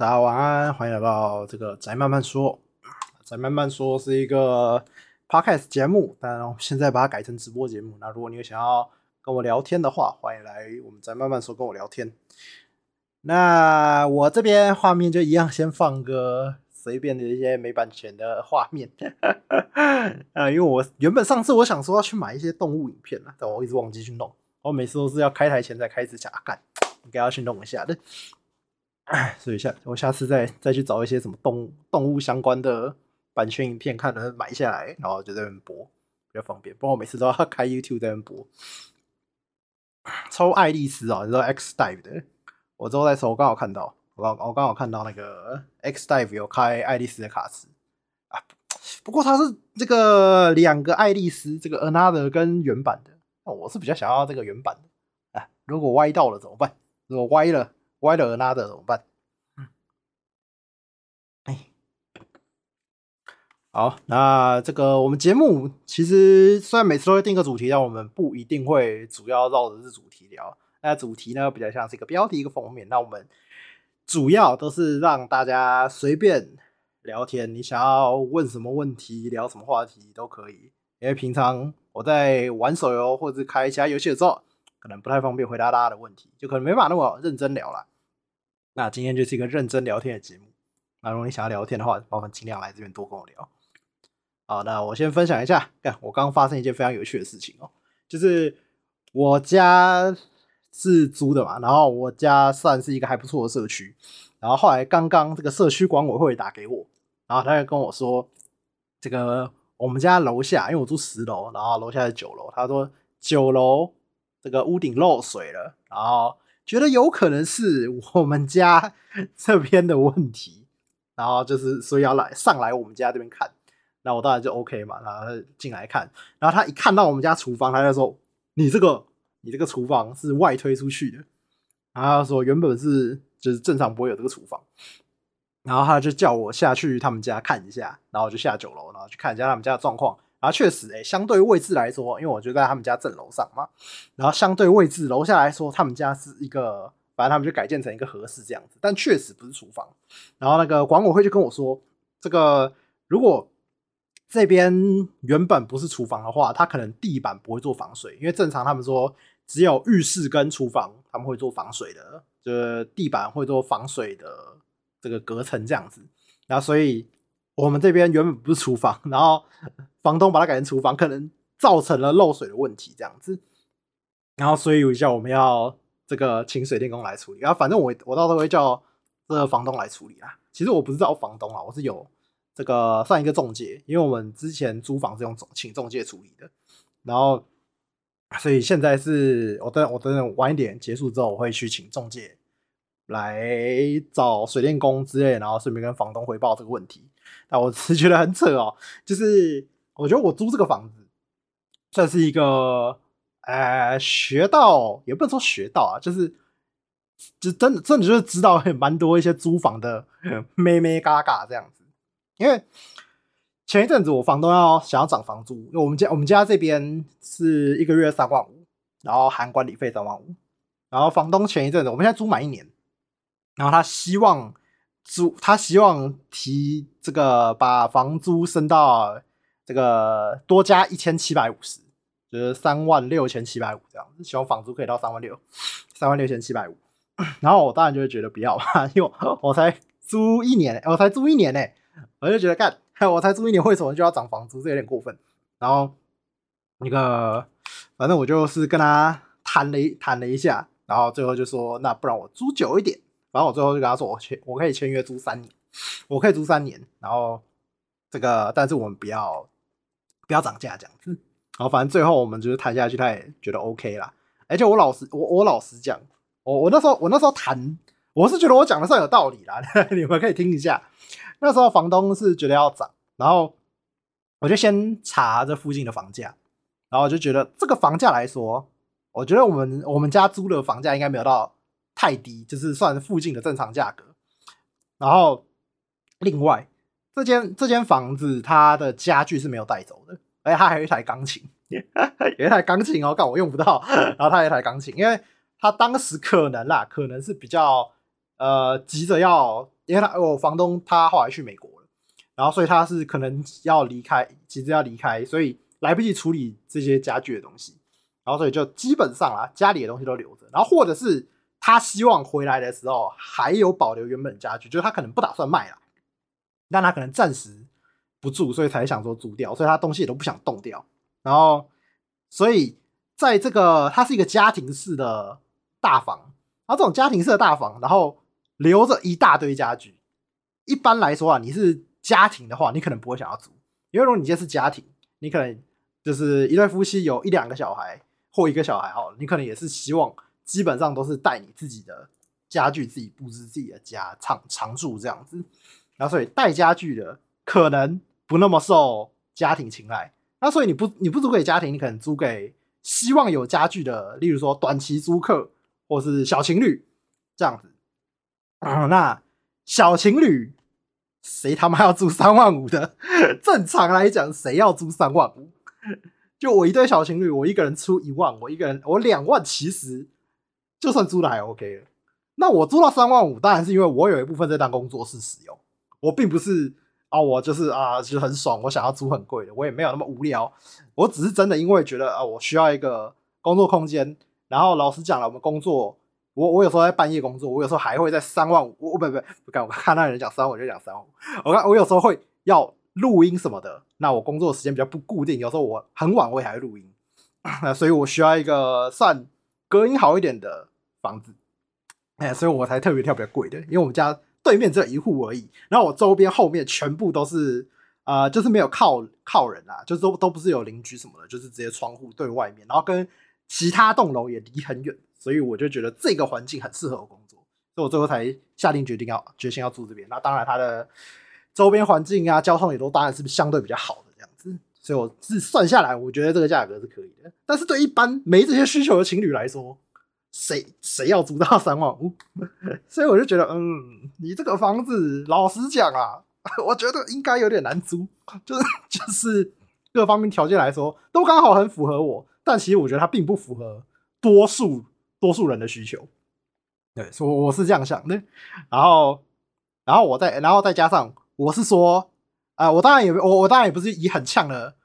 大家晚安，歡迎來到這個宅漫慢說。宅漫慢說是一個 podcast 節目，但我現在把它改成直播節目。那如果你有想要跟我聊天的話，歡迎來我們宅漫慢說跟我聊天。那我這邊畫面就一樣，先放個隨便的一些沒版權的畫面。啊、 呃，因為我原本上次我想說要去買一些動物影片了，但我一直忘記去弄。我每次都是要開台前才開始想啊，幹，應該要去弄一下的。所以下我下次再再去找一些什麼動物動物相關的版權影片看，能買下來，然後就在那邊播比較方便，不過我每次都要開 YouTube 在那邊播。抽愛麗絲啊，你知道 X Dive 的，我之後再說，我剛好看到，我剛我剛好看到那個 X Dive 有開愛麗絲的卡池啊，不過他是這個兩個愛麗絲，這個 Another 跟原版的，那我是比較想要這個原版的啊，如果歪到了怎麼辦？如果歪了？歪了拉的怎麼辦？嗯哎、好，那這個我們節目其實雖然每次都會定個主題，但我們不一定會主要繞着這主題聊。那主題呢，比較像是一個標題、一個封面。那我們主要都是讓大家隨便聊天，你想要問什麼問題、聊什麼話題都可以。因為平常我在玩手遊或者是開其他遊戲的時候，可能不太方便回答大家的問題，就可能沒辦法那麼認真聊了。那今天就是一個認真聊天的節目，那如果你想要聊天的話，麻煩儘量來這邊多跟我聊。好，那我先分享一下，幹，我剛剛發生一件非常有趣的事情哦、喔，就是我家是租的嘛，然後我家算是一個還不錯的社區，然後後來剛剛這個社區管委會打給我，然後他就跟我說，這個我們家樓下，因為我住十樓，然後樓下是九樓，他說九樓這個屋頂漏水了，然後。覺得有可能是我們家這邊的問題，然後就是所以要來上來我們家這邊看，然後我當然就 OK 嘛，然後進來看，然後他一看到我們家廚房，他就說：“你這個你這個廚房是外推出去的。”然後他說原本是就是正常不會有這個廚房，然後他就叫我下去他們家看一下，然後就下九樓，然後去看一下他們家的狀況。啊，確實，哎、欸，相對位置來說，因為我就在他們家正樓上嘛，然後相對位置樓下來說，他們家是一個，反正他們就改建成一個和室這樣子，但確實不是廚房。然後那個管委會就跟我說，這個如果這邊原本不是廚房的話，它可能地板不會做防水，因為正常他們說只有浴室跟廚房他們會做防水的，就是地板會做防水的這個隔層這樣子，然後所以，我們這邊原本不是廚房，然後房東把它改成廚房，可能造成了漏水的問題，這樣子。然後所以，有一下我們要這個請水電工來處理。然、啊、後反正我我到時候會叫這個房東來處理啦，其實我不知道房東啊，我是有這個算一個中介，因為我們之前租房是用請中介處理的。然後所以現在是我等我等等晚一點結束之後，我會去請中介來找水電工之類，然後順便跟房東匯報這個問題。但、啊、我只覺得很扯哦，就是我覺得我租這個房子算是一個，呃，學到也不能說學到啊，就是就真的真的就是知道很蠻多一些租房的咩咩嘎嘎這樣子，因為前一陣子我房東要想要漲房租，因為我們家我們家這邊是一個月三萬五，然後含管理費三萬五，然後房東前一陣子我們現在租滿一年，然後他希望。租他希望提這個把房租升到這個多加一千七百五十，就是三萬六千七百五這樣，希望房租可以到三萬六，三萬六千七百五。然後我當然就會覺得不要吧，因為我才租一年，欸，我才租一年呢，欸，我就覺得幹我才租一年，為什麼就要漲房租，這有點過分。然後那個反正我就是跟他談了一談了一下，然後最後就說那不然我租久一點。然後我最後就跟他說：“我簽，我可以簽約租三年，我可以租三年。然後這個，但是我們不要不要漲價這樣子。然後反正最後我們就是談下去，他也覺得 OK 啦。而且我老實，我我老實講，我我那時候我那時候談，我是覺得我講的算有道理啦，你們可以聽一下。那時候房東是覺得要漲，然後我就先查這附近的房價，然後我就覺得這個房價來說，我覺得我們我們家租的房價應該沒有到。”太低，就是算附近的正常價格。然後，另外這間這間房子，它的家具是沒有帶走的，而且他還有一台鋼琴， 有一台鋼琴哦，但我用不到。然後他有一台鋼琴，因為他當時可能啦，可能是比較呃急着要，因為他我房東他後來去美國了，然後所以他是可能要離開，急着要離開，所以來不及處理這些家具的東西，然後所以就基本上啊，家裡的東西都留着，然後或者是。他希望回來的時候還有保留原本家具，就是他可能不打算賣了，但他可能暫時不住，所以才想說租掉，所以他東西也都不想動掉。然後，所以在這個，它是一個家庭式的大房，然後，啊，這種家庭式的大房，然後留着一大堆家具。一般來說啊，你是家庭的話，你可能不會想要租，因為如果你現在是家庭，你可能就是一對夫妻，有一兩個小孩或一個小孩，哦，你可能也是希望。基本上都是帶你自己的家具，自己布置自己的家，常常住這樣子。然後，所以帶家具的可能不那麼受家庭青睞。那所以你不，你不租給家庭，你可能租給希望有家具的，例如說短期租客或是小情侶這樣子。啊，那小情侶誰他媽要租三萬五的？正常來講，誰要租三萬五？就我一對小情侶，我一個人出一萬，我一個人我兩萬，其實。就算租的還 OK 了。那我租到三萬五，當然是因為我有一部分在當工作室使用。我並不是啊，我就是啊，就很爽。我想要租很貴的，我也沒有那麼無聊。我只是真的因為覺得啊，我需要一個工作空間。然後老實講了，我們工作，我我有時候在半夜工作，我有時候還會在三萬五。我不不不，看我看那人講三萬我就講三萬五。我看 3, 我, 3, 我有時候會要錄音什麼的。那我工作時間比較不固定，有時候我很晚我也還會還錄音。所以我需要一個算隔音好一點的房子，哎、欸，所以我才特別挑比較貴的，因為我們家對面只有一戶而已，然後我周邊後面全部都是，啊、呃，就是沒有靠靠人啊，就是、都都不是有鄰居什麼的，就是直接窗戶對外面，然後跟其他棟樓也離很遠，所以我就覺得這個環境很適合我工作，所以我最後才下定決定要決心要住這邊。那當然，它的周邊環境啊，交通也都當然是相對比較好的這樣子，所以我是算下來，我覺得這個價格是可以的。但是對一般沒這些需求的情侶來說，誰誰要租到三萬五？所以我就覺得，嗯，你這個房子，老實講啊，我覺得應該有點難租。就是就是各方面條件來說，都剛好很符合我。但其實我覺得它並不符合多數多數人的需求。對，所以我是這樣想的。然後然後我再然後再加上，我是說，啊，呃，我當然也我我當然也不是以很嗆的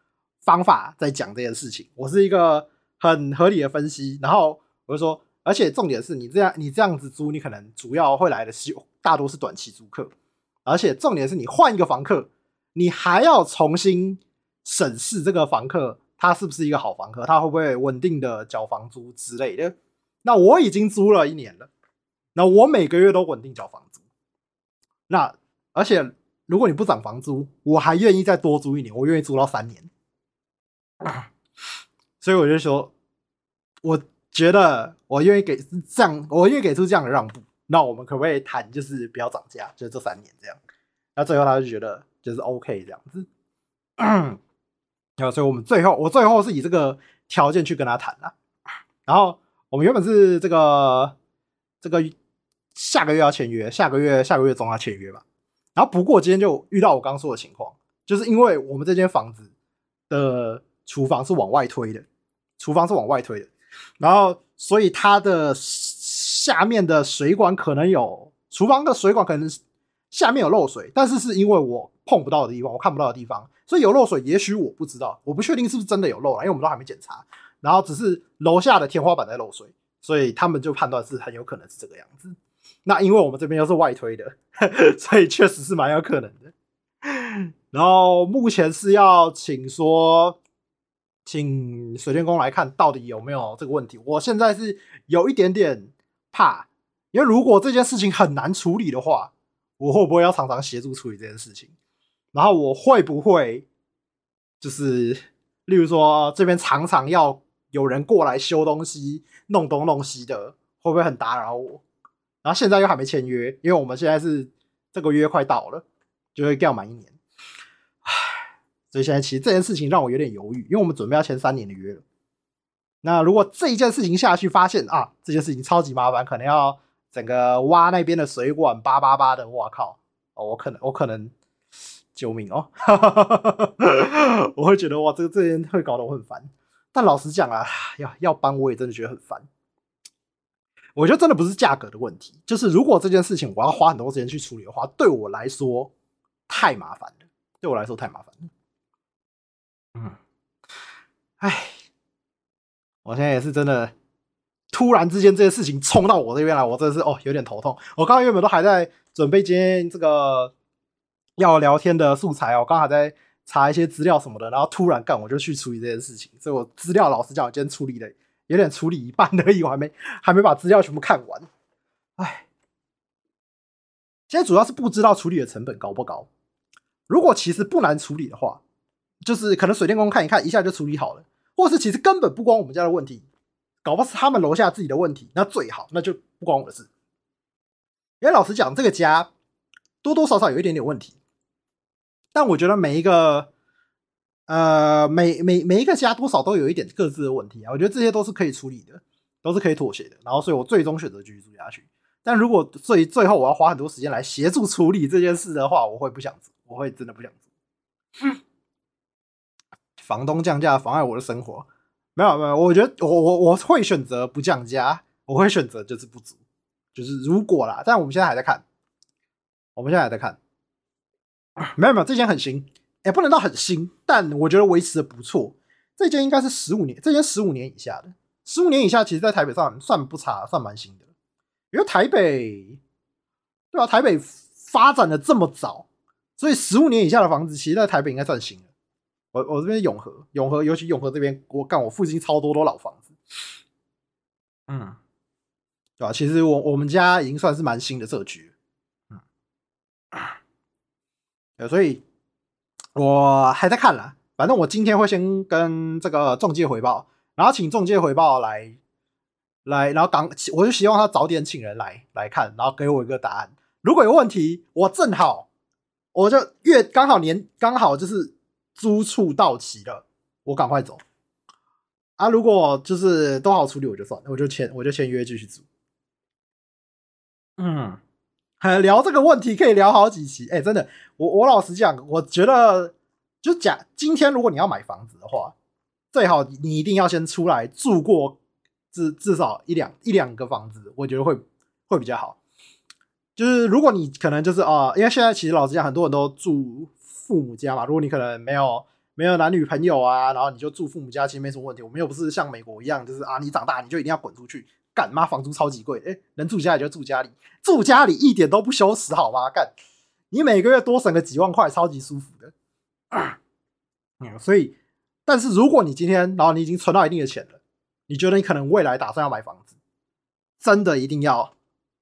方法在講這件事情。我是一個很合理的分析。然後我就說。而且重點是你這樣你這樣子租，你可能主要會來的是大多是短期租客。而且重點是你換一個房客，你還要重新審視這個房客他是不是一個好房客，他會不會穩定的交房租之類的。那我已經租了一年了，那我每個月都穩定交房租。那而且如果你不漲房租，我還願意再多租一年，我願意租到三年。所以我就說，我。覺得我願意給是這樣，我願意給出這樣的讓步，那我們可不可以談，就是不要漲價，就這三年這樣。那最後他就覺得就是 OK 這樣子，然後、 嗯、所以我們最後我最後是以這個條件去跟他談了。然後我們原本是這個這個下個月要簽約，下個月下個月總要簽約吧。然後不過今天就遇到我剛說的情況，就是因為我們這間房子的廚房是往外推的，廚房是往外推的。然後，所以它的下面的水管可能有廚房的水管，可能下面有漏水，但是是因為我碰不到的地方，我看不到的地方，所以有漏水，也許我不知道，我不確定是不是真的有漏了，因為我們都還沒檢查。然後只是樓下的天花板在漏水，所以他們就判斷是很有可能是這個樣子。那因為我們這邊又是外推的，所以確實是蠻有可能的。然後目前是要請說。請水電工來看，到底有沒有這個問題？我現在是有一點點怕，因為如果這件事情很難處理的話，我會不會要常常協助處理這件事情？然後我會不會就是，例如說這邊常常要有人過來修東西、弄東弄西的，會不會很打擾我？然後現在又還沒簽約，因為我們現在是這個約快到了，就會掉滿一年。所以現在其實這件事情讓我有點猶豫，因為我們準備要簽三年的約了。那如果這一件事情下去發現啊，這件事情超級麻煩，可能要整個挖那邊的水管，叭叭叭的，我靠、哦！我可能我可能救命哦！ 我會覺得哇，這個這件會搞得我很煩。但老實講啊，要要搬我也真的覺得很煩。我覺得真的不是價格的問題，就是如果這件事情我要花很多時間去處理的話，對我來說太麻煩了。對我來說太麻煩了。唉，我現在也是真的，突然之間這些事情衝到我這邊來，我真的是哦有點頭痛。我剛剛原本都還在準備今天這個要聊天的素材哦，我剛還在查一些資料什麼的，然後突然幹我就去處理這件事情，所以我資料老實講，我今天處理的有點處理一半而已，我還沒還沒把資料全部看完。唉，現在主要是不知道處理的成本高不高，如果其實不難處理的話。就是可能水電工看一看，一下就處理好了，或是其實根本不關我們家的問題，搞不好是他們樓下自己的問題，那最好，那就不關我的事。因為老實講，這個家多多少少有一點點問題，但我覺得每一個，呃，每每每一個家多少都有一點各自的問題啊，我覺得這些都是可以處理的，都是可以妥協的，然後所以我最終選擇繼續住下去。但如果最最後我要花很多時間來協助處理這件事的話，我會不想住，我會真的不想住。 房東降價妨礙我的生活，沒有沒有，我覺得我我我會選擇不降價，我會選擇就是不租，就是如果啦。但我們現在還在看，我們現在還在看。沒有沒有，這間很新，也不能到很新，但我覺得維持的不錯。這間應該是十五年，這間十五年以下的，十五年以下其實在台北算算不差，算蠻新的。比如台北，對吧、啊？台北發展的這麼早，所以十五年以下的房子其實在台北應該算新的。我我這邊永和，永和尤其永和這邊，我幹我附近超多多老房子，嗯，對吧？其實我我們家已經算是蠻新的社區，嗯，所以我還在看了，反正我今天會先跟這個呃、中介回報，然後請中介回報來來，然後剛，我就希望他早點請人來來看，然後給我一個答案。如果有問題，我正好我就月，剛好年剛好就是。租處到期了，我趕快走啊！如果就是都好處理我，我就算，我就簽，我就簽約繼續住。嗯，還聊這個問題可以聊好幾期，哎、欸，真的，我我老實講，我覺得就講今天，如果你要買房子的話，最好你一定要先出來住過至，至至少一兩一兩個房子，我覺得會會比較好。就是如果你可能就是啊、呃，因為現在其實老實講，很多人都住。父母家嘛，如果你可能沒有沒有男女朋友啊，然後你就住父母家，其實沒什麼問題。我們又不是像美國一樣，就是啊，你長大你就一定要滾出去，幹嘛房租超級貴，哎、欸，能住家也就住家裡，住家裡一點都不羞恥，好嗎？幹，你每個月多省個幾萬塊，超級舒服的。嗯，所以，但是如果你今天，然後你已經存到一定的錢了，你覺得你可能未來打算要買房子，真的一定要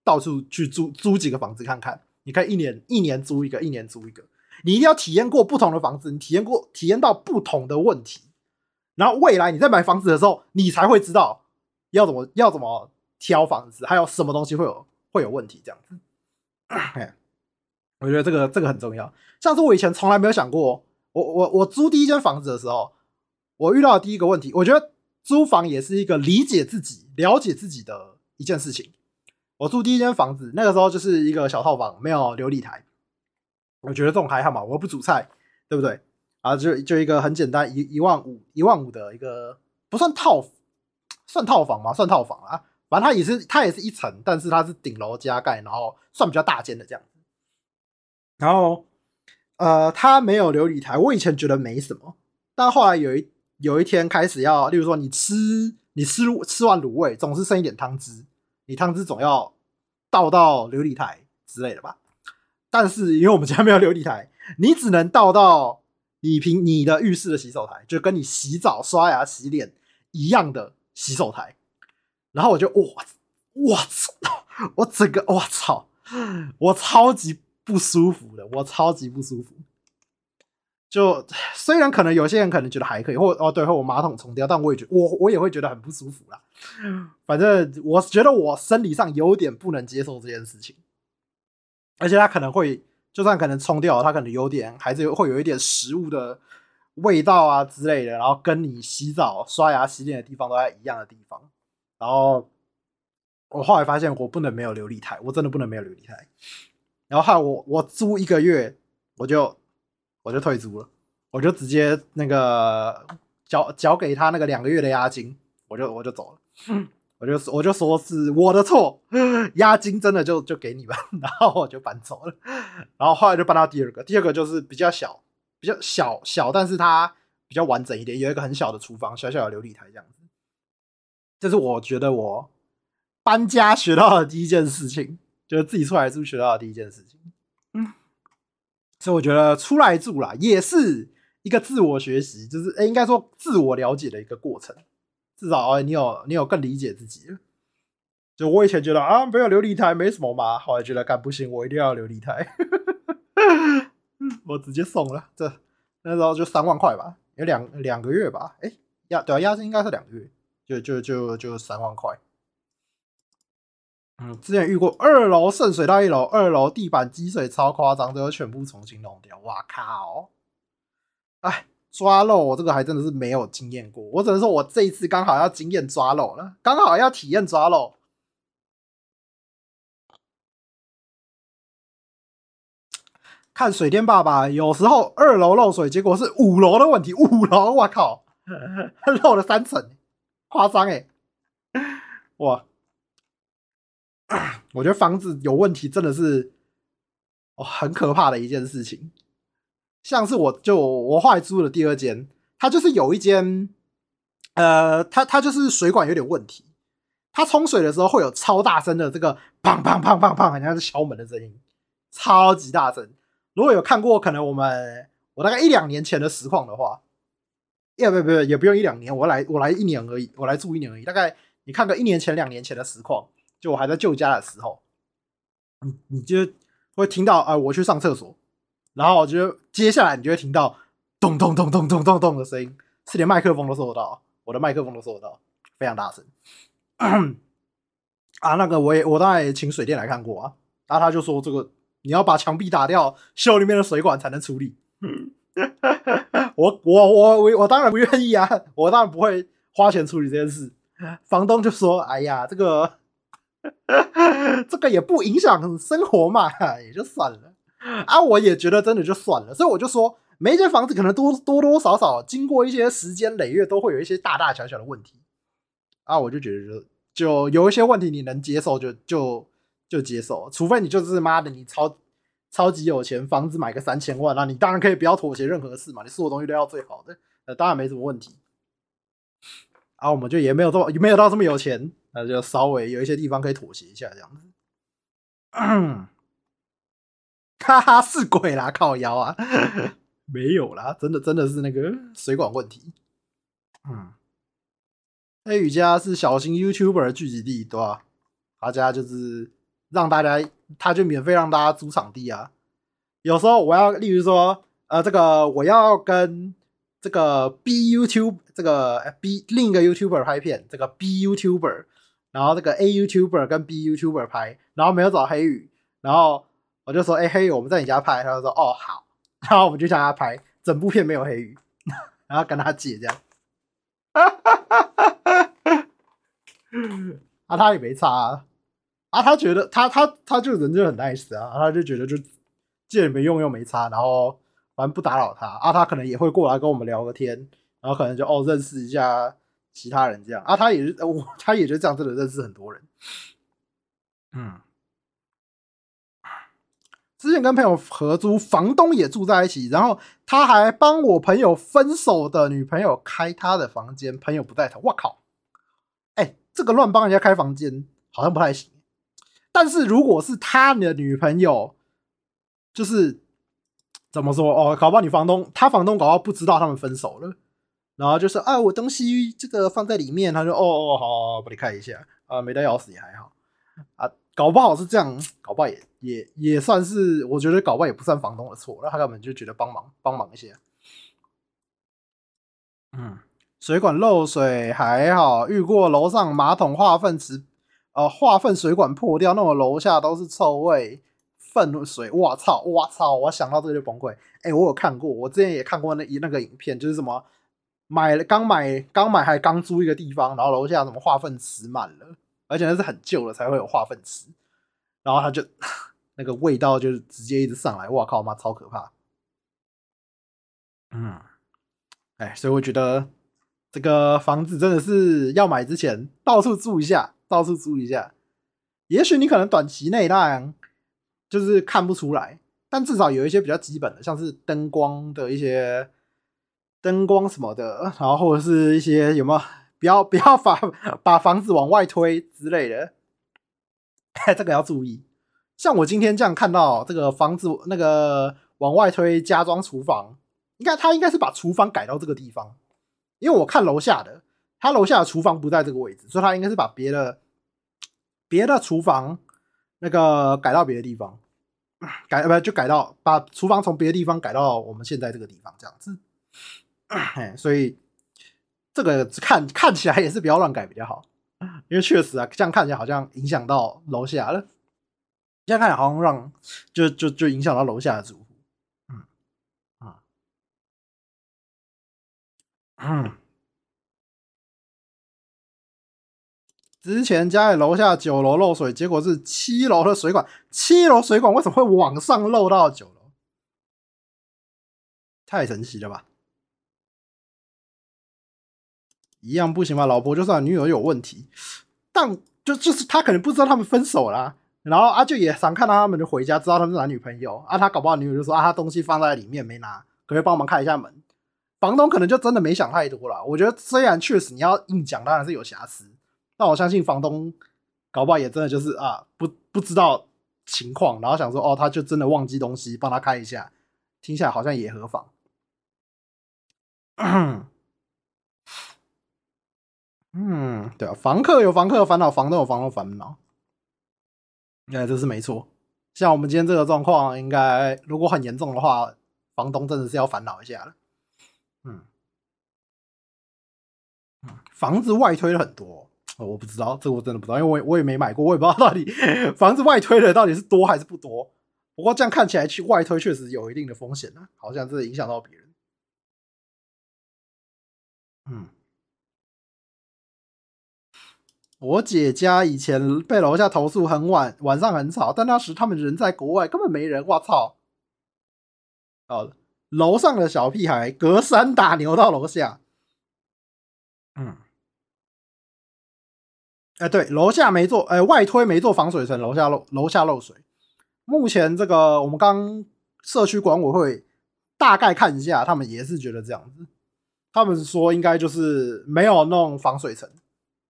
到處去租租幾個房子看看，你可以一年一年租一個，一年租一個。你一定要體驗過不同的房子，你體驗過、體驗到不同的問題，然後未來你在買房子的時候，你才會知道要怎麼、要怎麼挑房子，還有什麼東西會有、會有問題這樣子。哎， 我覺得這個、這個很重要。像是我以前從來沒有想過，我、我、我租第一間房子的時候，我遇到的第一個問題，我覺得租房也是一個理解自己、了解自己的一件事情。我住第一間房子，那個時候就是一個小套房，沒有流理台。我覺得這種還好嘛，我不煮菜，對不對？啊，就就一個很簡單，一一萬五一萬五的一個，不算套，算套房嘛，算套房啊，反正它也是它也是一層，但是它是頂樓加蓋，然後算比較大間的這樣子。然後，呃，它沒有流理台，我以前覺得沒什麼，但後來有一有一天開始要，例如說你吃你吃吃完滷味，總是剩一點湯汁，你湯汁總要倒到流理台之類的吧。但是，因為我們家沒有流理台，你只能倒到你憑你的浴室的洗手台，就跟你洗澡、刷牙、洗臉一樣的洗手台。然後我就哇哇操！我整個哇操！我超級不舒服的，我超級不舒服。就雖然可能有些人可能覺得還可以，或哦對，或我馬桶沖掉，但我也覺得我我也會覺得很不舒服啦。反正我覺得我生理上有點不能接受這件事情。而且他可能會，就算可能沖掉，它可能有點還是會有一點食物的味道啊之類的。然後跟你洗澡、刷牙、洗臉的地方都在一樣的地方。然後我後來發現，我不能沒有流理台，我真的不能沒有流理台。然後後來我我租一個月，我就我就退租了，我就直接那個交交給他那個兩個月的押金，我就我就走了。 我就我就說是我的錯，押金真的就就給你吧，然後我就搬走了，然後後來就搬到第二個，第二個就是比較小，比較小小，小，但是它比較完整一點，有一個很小的廚房，小小的流理台這樣子。這是我覺得我搬家學到的第一件事情，就是自己出來住學到的第一件事情。嗯，所以我覺得出來住了也是一個自我學習，就是哎，應該說自我了解的一個過程。至少，欸、你有你有更理解自己。就我以前覺得啊，沒有流理台沒什麼嘛，後來覺得幹不行，我一定要流理台。 我直接送了。這那時候就三萬塊吧，有兩兩個月吧？哎、欸，押對押金應該是兩個月，就就就就三萬塊。嗯，之前遇過二樓滲水到一樓，二樓地板積水超誇張，最後全部重新弄掉。哇靠、哦！哎。抓漏，我這個還真的是沒有經驗過。我只能說，我這一次剛好要經驗抓漏了，剛好要體驗抓漏。看水電爸爸，有時候二樓漏水，結果是五樓的問題。五樓，我靠，漏了三層，誇張哎！哇，我覺得房子有問題真的是哦，很可怕的一件事情。像是我就我後來住的第二間，它就是有一間，呃，它它就是水管有點問題，它沖水的時候會有超大聲的這個砰砰砰砰砰，砰，好像是敲門的聲音，超級大聲。如果有看過可能我們我大概一兩年前的實況的話，也不別也不用一兩年，我來我來一年而已，我來住一年而已，大概你看個一年前兩年前的實況，就我還在舊家的時候，你你就會聽到啊，我去上廁所。然後我就接下來你就會聽到咚咚咚咚咚咚咚的聲音，是連麥克風都收得到，我的麥克風都收得到，非常大聲。 啊，那個我也我當然也請水電來看過啊，然後、啊、他就說這個你要把牆壁打掉，修裡面的水管才能處理。嗯、我我我我我當然不願意啊，我當然不會花錢處理這件事。房東就說：“哎呀，這個這個也不影響生活嘛，也就算了。”啊，我也覺得真的就算了，所以我就說，每一間房子可能多多多少少，經過一些時間累月，都會有一些大大小小的問題。啊，我就覺得就，就有一些問題你能接受就，就就就接受。除非你就是媽的，你超超級有錢，房子買個三千萬，那你當然可以不要妥協任何事嘛，你所有東西都要最好的，呃，當然沒什麼問題。啊，我們就也沒有這麼也沒有到這麼有錢，那就稍微有一些地方可以妥協一下這樣子。哈哈，是鬼啦，靠腰啊！ 沒有啦，真的，真的是那個水管問題。嗯，黑雨家是小型 YouTuber 的聚集地，對吧、啊？他家就是讓大家，他就免費讓大家租場地啊。有時候我要，例如說，呃，這個我要跟這個 B YouTube 這個 B 另一個 YouTuber 拍片，這個 B YouTuber，然後這個 A YouTuber 跟 B YouTuber 拍，然後沒有找黑雨，然後。我就說，哎、欸、嘿，我們在你家拍。他就說，哦，好。然後我們就向他拍，整部片沒有黑魚。然後跟他借這樣，啊啊，啊，啊，啊，啊他也沒差啊，啊他覺得他他他就人就很 nice 啊，啊，他就覺得就借沒用又沒差，然後反正不打擾他啊，他可能也會過來跟我們聊個天，然後可能就哦認識一下其他人這樣啊，他也是我、哦、他也是這樣子的，認識很多人，嗯。之前跟朋友合租，房東也住在一起，然後他還幫我朋友分手的女朋友開他的房間，朋友不帶頭，我靠！哎、欸，這個亂幫人家開房間好像不太行。但是如果是他你的女朋友，就是怎麼說哦？搞不好你房東，他房東搞到不，不知道他們分手了，然後就是啊，我東西這個放在裡面，他說哦哦好，幫你看一下啊，沒帶鑰匙也還好啊。搞不好是這樣，搞不好也也也算是，我覺得搞不好也不算房東的錯，那他根本就覺得幫忙幫忙一些。嗯，水管漏水還好，遇過樓上馬桶化糞池，呃，化糞水管破掉，那我、個、樓下都是臭味、糞水。我操！我操！我想到這就崩潰。哎、欸，我有看過，我之前也看過那一那個影片，就是什麼買了剛買剛買還剛租一個地方，然後樓下什麼化糞池滿了。而且那是很舊了，才會有化糞池，然後它就那個味道就是直接一直上來，哇靠媽，媽超可怕！嗯，哎、欸，所以我覺得這個房子真的是要買之前，到處住一下，到處住一下，也許你可能短期內當然就是看不出來，但至少有一些比較基本的，像是燈光的一些燈光什麼的，然後或者是一些有沒有？不要不要把把房子往外推之類的，這個要注意。像我今天這樣看到這個房子，那個往外推加裝廚房應，應該他應該是把廚房改到這個地方，因為我看樓下的，他樓下的廚房不在這個位置，所以他應該是把別的別的廚房那個改到別的地方改，改不就改到把廚房從別的地方改到我們現在這個地方這樣子，哎，所以。這個看看起來也是比較亂改比較好，因為確實啊，這樣看起來好像影響到樓下了。現在看起來好像讓就就就影響到樓下的住戶。嗯啊。嗯啊。之前家裡樓下九樓漏水，結果是七樓的水管，七樓水管為什麼會往上漏到九樓？太神奇了吧！一樣不行吧，老婆就算女友有問題，但就就是他可能不知道他們分手啦、啊。然後阿、啊、舅也常看到他們就回家，知道他們是男女朋友啊。他搞不好女友就說啊，他東西放在裡面沒拿，可不可以幫忙開一下門？房東可能就真的沒想太多了。我覺得雖然確實你要硬講，當然是有瑕疵。但我相信房東搞不好也真的就是啊，不不知道情況，然後想說哦，他就真的忘記東西，幫他開一下，聽起來好像也合法。 嗯，對啊，房客有房客的煩惱，房東有房東煩惱，應、哎、該這是沒錯。像我們今天這個狀況，應該如果很嚴重的話，房東真的是要煩惱一下了。嗯，嗯，房子外推了很多、哦，我不知道，這個、我真的不知道，因為我也我也沒買過，我也不知道到底房子外推的到底是多還是不多。不過這樣看起來，去外推確實有一定的風險啊，好像真的影響到別人。嗯。我姐家以前被樓下投訴很晚，晚上很吵，但那時他們人在國外，根本沒人。我操！好、哦、樓上的小屁孩隔山打牛到樓下。嗯，哎、欸，對，樓下沒做，欸、外推沒做防水層，樓下漏，樓下漏水。目前這個我們剛社區管委會大概看一下，他們也是覺得這樣子。他們說應該就是沒有弄防水層。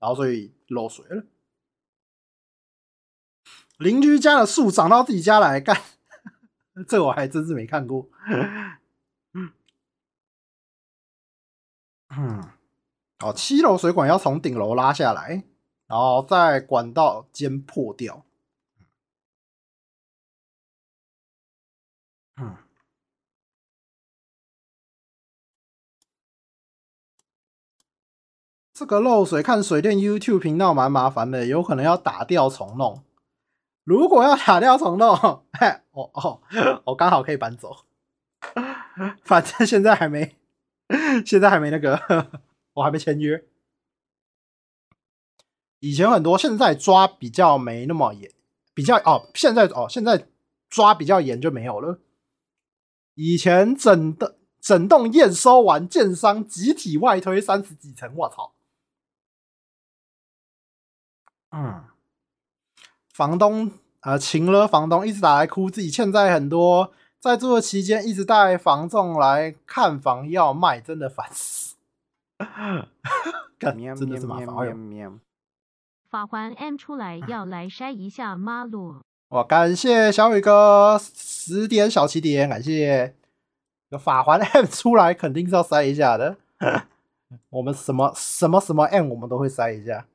然後所以漏水了，鄰居家的樹長到自己家來幹，這我還真是沒看過。嗯，哦，七樓水管要從頂樓拉下來，然後在管道間破掉。這個漏水，看水電 YouTube 頻道蠻麻煩的，有可能要打掉重弄。如果要打掉重弄，嘿，哦哦，我剛好可以搬走。反正現在還沒，現在還沒那個，我、哦、還沒簽約。以前很多，現在抓比較沒那麼嚴，比較哦，現在哦，現在抓比較嚴就沒有了。以前整的整棟驗收完，建商集體外推三十幾層，我操！嗯，房東啊，窮、呃、了。房東一直打來哭，自己欠債很多。在住的期間，一直帶房仲來看房要賣，真的煩死。幹，真的是麻煩。喵喵喵喵喵法環 M 出來要來篩一下馬路。哇，感謝小雨哥十點小起點，感謝。法環 M 出來肯定是要篩一下的。 我們什麼什麼什麼 M，我們都會篩一下。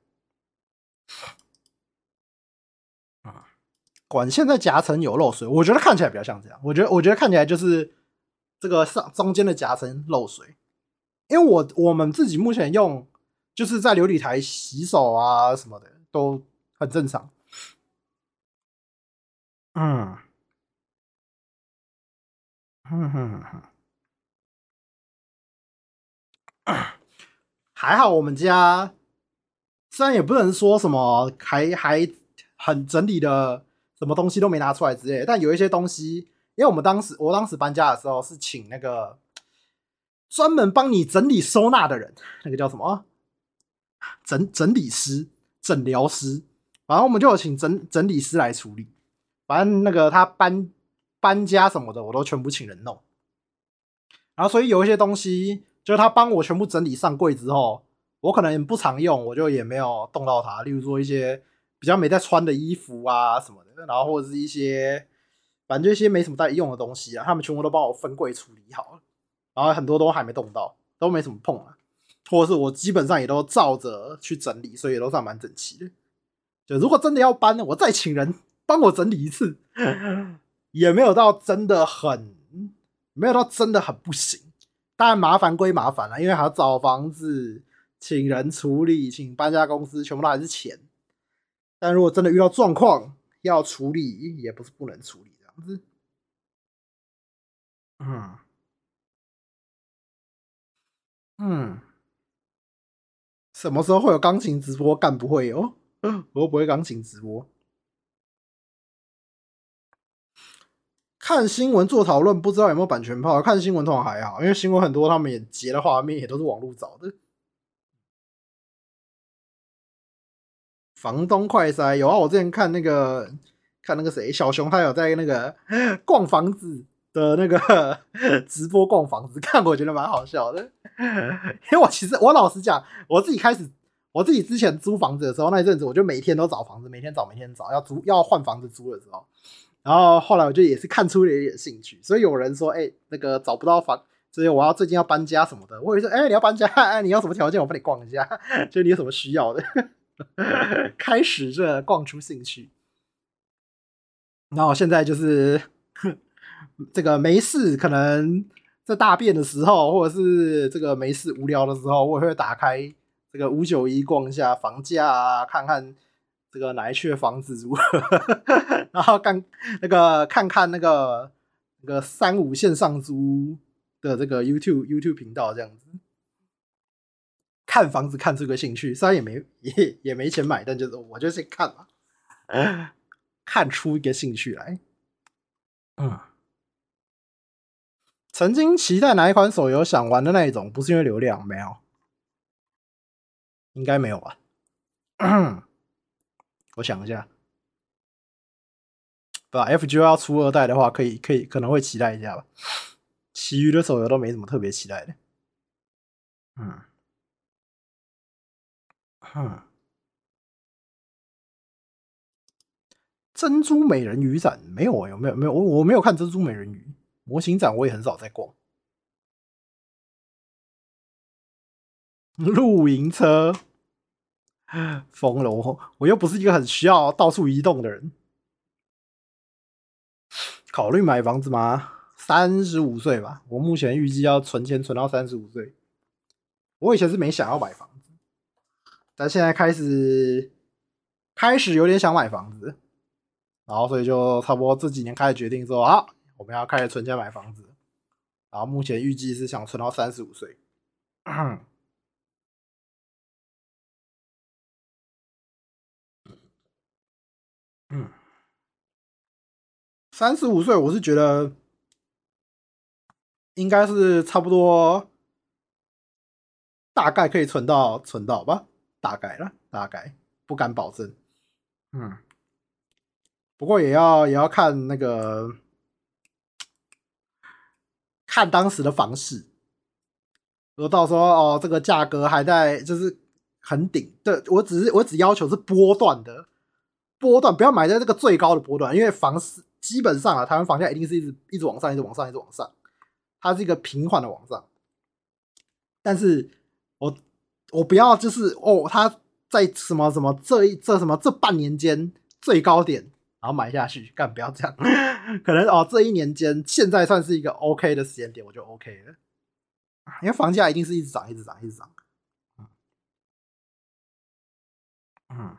管現在夾層有漏水，我覺得看起來比較像這樣。我覺得，我覺得看起來就是這個上中間的夾層漏水，因為我我們自己目前用，就是在流理台洗手啊什麼的都很正常。嗯，哼哼哼，嗯嗯嗯、還好我們家。雖然也不能說什麼，還還很整理的什麼東西都沒拿出來之類，但有一些東西，因為我們當時我當時搬家的時候是請那個專門幫你整理收納的人，那個叫什麼啊？整整理師、整療師，反正我們就有請整整理師來處理。反正那個他搬搬家什麼的，我都全部請人弄。然後，所以有一些東西，就是他幫我全部整理上櫃之後。我可能不常用，我就也沒有動到它。例如說一些比較沒在穿的衣服啊什麼的，然後或者是一些反正就一些沒什麼在用的東西啊，他們全部都幫我分櫃處理好了，然後很多都還沒動到，都沒什麼碰啊。或者是我基本上也都照着去整理，所以樓上蠻整齊的。就如果真的要搬，我再請人幫我整理一次，也沒有到真的很，沒有到真的很不行。當然麻煩歸麻煩了，因為還要找房子。請人處理，請搬家公司，全部拿的是錢。但如果真的遇到狀況要處理，也不是不能處理這樣子。嗯嗯，什麼時候會有鋼琴直播？幹不會哦，我又不會鋼琴直播。看新聞做討論，不知道有沒有版權炮。看新聞通常還好，因為新聞很多，他們也截了畫面，也都是網路找的。房東快塞有啊！我之前看那個看那個誰小熊，他有在那個逛房子的那個直播逛房子看，我覺得蠻好笑的。因為我其實我老實講，我自己開始我自己之前租房子的時候那一陣子，我就每天都找房子，每天找，每天找，要租要換房子租的時候。然後後來我就也是看出了一點興趣，所以有人說哎、欸，那個找不到房，所以我要最近要搬家什麼的。我以為說哎、欸，你要搬家哎，你要什麼條件？我幫你逛一下，就是你有什麼需要的。 開始這逛出興趣，然後我現在就是這個沒事，可能在大便的時候，或者是這個沒事無聊的時候，我會打開這個五九一逛一下房價啊，看看這個哪一區的房子如何，然後看那個看看那個那個三五線上租的這個 you YouTube YouTube 頻道這樣子。看房子看出個興趣，雖然也沒也也沒錢買，但就是我就先看了 看出一個興趣來。嗯，曾經期待哪一款手遊想玩的那一種，不是因為流量，沒有，應該沒有吧？ 我想一下，把、啊、FGO 出二代的話，可以可以可能會期待一下吧。 其餘的手遊都沒什麼特別期待的。嗯。看珍珠美人魚展沒有啊？有沒有？沒有，我我沒有看珍珠美人魚模型展，我也很少在逛。露營車，瘋了我，我又不是一個很需要到處移動的人。考慮買房子嗎？三十五歲吧，我目前預計要存錢存到三十五歲。我以前是沒想要買房。咱現在開始，開始有點想買房子，然後所以就差不多這幾年開始決定說，啊，我們要開始存錢買房子，然後目前預計是想存到三十五歲。嗯，三十五歲，我是覺得應該是差不多，大概可以存到，存到吧。大概了，大概不敢保證。嗯，不過也要也要看那個，看當時的房市。如果到時候哦，這個價格還在就是很頂，對，我只是我只要求是波段的波段，不要買在這個最高的波段，因為房市基本上啊，台灣房價一定是一直一直往上，一直往上，一直往上，它是一個平緩的往上。但是我。我不要，就是哦，他在什麼什麼這一這什麼這半年間最高點，然後買下去，幹，不要這樣。可能哦，這一年間現在算是一個 OK 的時間點，我就 OK 了。因為房價一定是一直漲，一直漲，一直漲。嗯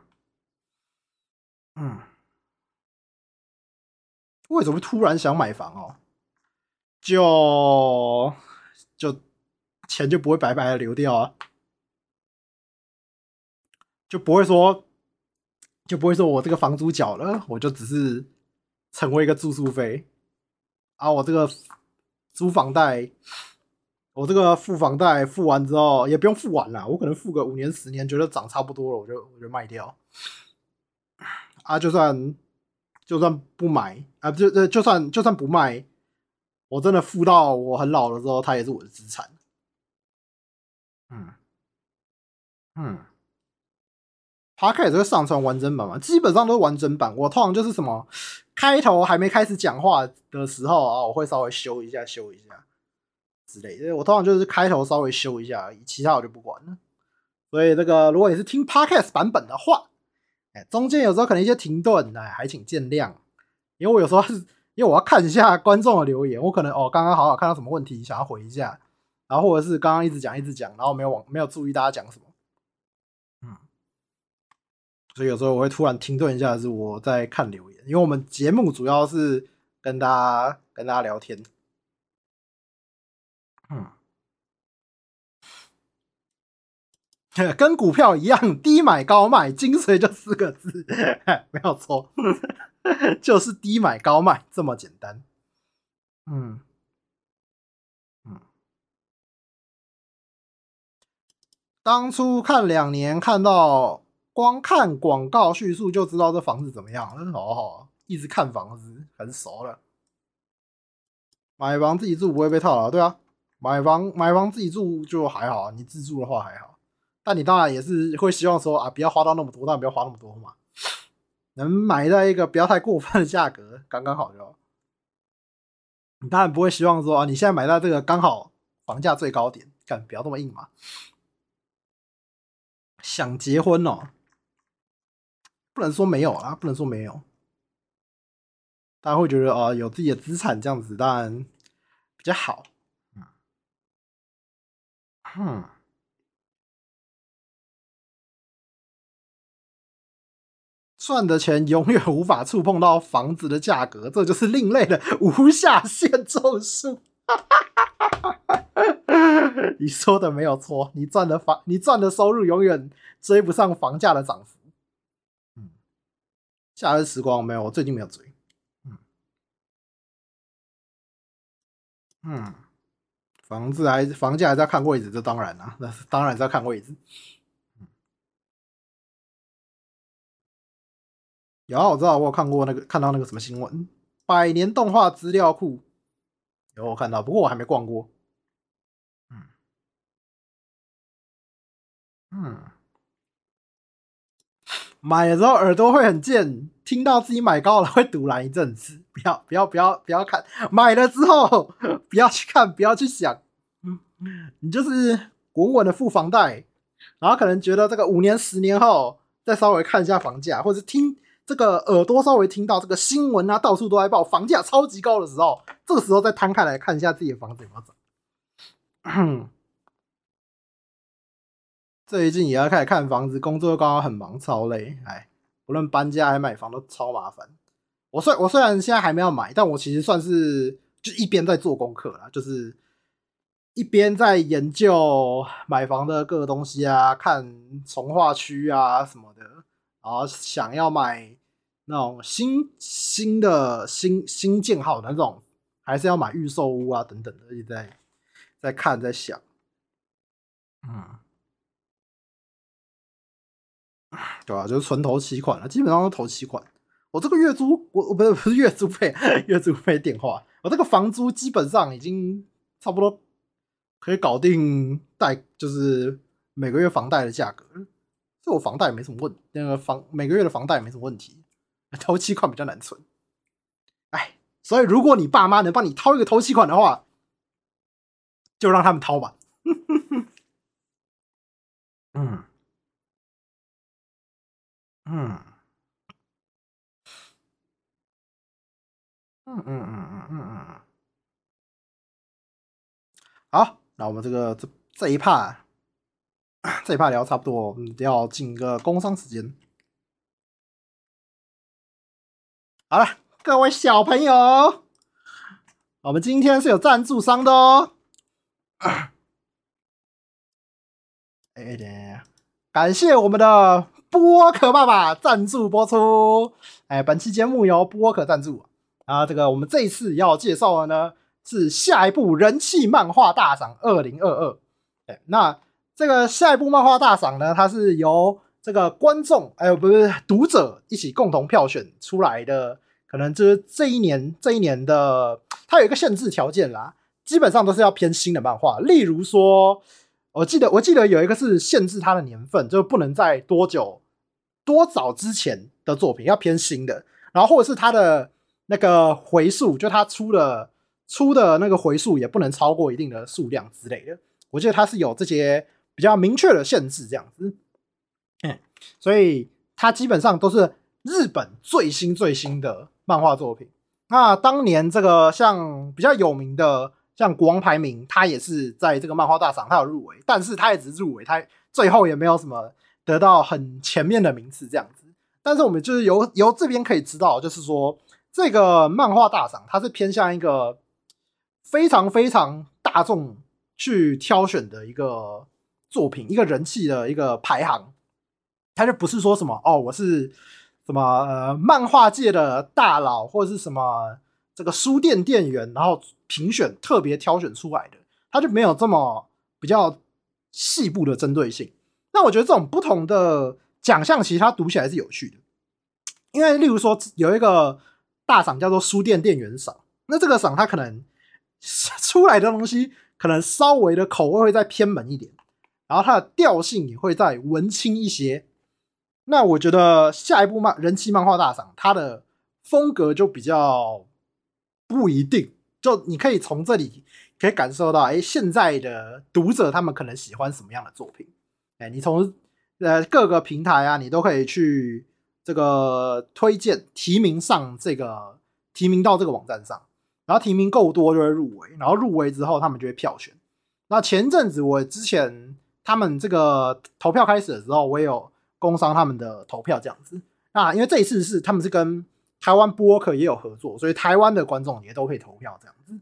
嗯，為什麼突然想買房哦？就就錢就不會白白的流掉啊。就不會說，就不會說我這個房租繳了，我就只是成為一個住宿費啊。我這個租房貸，我這個付房貸付完之後，也不用付完了，我可能付個五年、十年，覺得漲差不多了，我就我就賣掉。啊，就算就算不買啊，就就算就算不賣，我真的付到我很老的時候，它也是我的資產。嗯嗯。嗯 Podcast 會上傳完整版嘛？基本上都是完整版。我通常就是什麼開頭還沒開始講話的時候啊、喔，我會稍微修一下、修一下之類的。我通常就是開頭稍微修一下，而已，其他我就不管了。所以這個如果你是聽 Podcast 版本的話，哎、欸，中間有時候可能一些停頓，哎、欸，還請見諒。因為我有時候是，因為我要看一下觀眾的留言，我可能哦剛剛好好看到什麼問題想要回一下，然後或者是剛剛一直講一直講，然後沒有往沒有注意大家講什麼。所以有時候我會突然停頓一下，是我在看留言，因為我們節目主要是跟大家跟大家聊天。嗯、 跟股票一樣，低買高賣，精髓就四個字， 沒有錯， 就是低買高賣這麼簡單。嗯嗯、當初看兩年看到。光看廣告敘述就知道這房子怎麼樣，好好啊，一直看房子很熟了。買房自己住不會被套牢，對啊。買房買房自己住就還好，你自住的話還好。但你當然也是會希望說啊，不要花到那麼多，當然不要花那麼多嘛。能買到一個不要太過分的價格，剛剛好就好。你當然不會希望說啊，你現在買到這個剛好房價最高點，幹，不要那麼硬嘛。想結婚哦、喔。不能說沒有啦、啊，不能說沒有。大家會覺得啊、呃，有自己的資產這樣子，當然比較好。嗯，賺的錢永遠無法觸碰到房子的價格，這就是另類的無下限咒術。 你說的沒有錯，你賺的房，你賺的收入永遠追不上房價的漲幅。夏日時光沒有，我最近沒有追。嗯，房子還房價還在看位置，這當然啦、啊，那當然在看位置。然後、嗯、我知道我有看過那個，看到那個什麼新聞、嗯，百年動畫資料庫。有我看到，不過我還沒逛過。嗯。嗯買了之後耳朵會很賤，聽到自己買高了會賭爛一陣子。不要不要不要不要看，買了之後呵呵不要去看，不要去想，嗯、你就是穩穩的付房貸，然後可能覺得這個五年十年後再稍微看一下房價，或者聽這個耳朵稍微聽到這個新聞啊，到處都在報房價超級高的時候，這個時候再攤開來看一下自己的房子有沒有漲。嗯最近也要開始看房子，工作又剛剛很忙，超累。哎，不論搬家還買房都超麻煩。我雖我雖然現在還沒有買，但我其實算是就一邊在做功課啦，就是一邊在研究買房的各個東西啊，看重劃區啊什麼的，然後想要買那種新新的新新建好的那種，還是要買預售屋啊等等的，一直在在看在想，嗯。對啊，就是存頭期款基本上都頭期款，我這個月租，我不是不是月租費，月租費電話。我這個房租基本上已經差不多可以搞定貸，就是每個月房貸的價格。所以我房貸也沒什麼問題，那個房每個月的房貸也沒什麼問題。頭期款比較難存，哎，所以如果你爸媽能幫你掏一個頭期款的話，就讓他們掏吧。 嗯。嗯，嗯嗯嗯嗯嗯嗯。好，那我們這個這這一趴，這一趴聊差不多，我們都要進一個工商時間。好了，各位小朋友，我們今天是有贊助商的哦、喔。哎呀，感謝我們的，波克爸爸贊助播出，哎，本期節目由波克贊助啊。這個我們這一次要介紹的呢，是下一部人氣漫畫大賞二零二二。那這個下一部漫畫大賞呢，它是由這個觀眾，哎，不是讀者一起共同票選出來的，可能就是這一年這一年的，它有一個限制條件啦，基本上都是要偏新的漫畫，例如說。我記得，我記得有一個是限制他的年份，就不能在多久、多早之前的作品，要偏新的。然後，或者是他的那個回數，就他出的出的那個回數也不能超過一定的數量之類的。我記得他是有這些比較明確的限制，這樣子。嗯，所以他基本上都是日本最新最新的漫畫作品。那當年這個像比較有名的。像國王排名，他也是在這個漫畫大賞，他有入圍，但是他也只是入圍，他最後也沒有什麼得到很前面的名次這樣子。但是我們就是由由這邊可以知道，就是說這個漫畫大賞，它是偏向一個非常非常大眾去挑選的一個作品，一個人氣的一個排行，他就不是說什麼哦，我是什麼，呃，漫畫界的大佬，或者是什麼。這個書店店員，然後評選特別挑選出來的，他就沒有這麼比較細部的針對性。那我覺得這種不同的獎項，其實它讀起來是有趣的。因為例如說有一個大賞叫做書店店員賞，那這個賞它可能出來的東西，可能稍微的口味會再偏門一點，然後它的調性也會再文青一些。那我覺得下一部漫人氣漫畫大賞，它的風格就比較。不一定，就你可以從這裡可以感受到，哎，現在的讀者他們可能喜歡什麼樣的作品，哎，你從呃各個平台啊，你都可以去這個推薦提名上這個提名到這個網站上，然後提名夠多就會入圍，然後入圍之後他們就會票選。那前陣子我之前他們這個投票開始的時候，我也有工商他們的投票這樣子。那因為這一次是他們是跟。台灣播客也有合作，所以台灣的觀眾也都可以投票這樣子。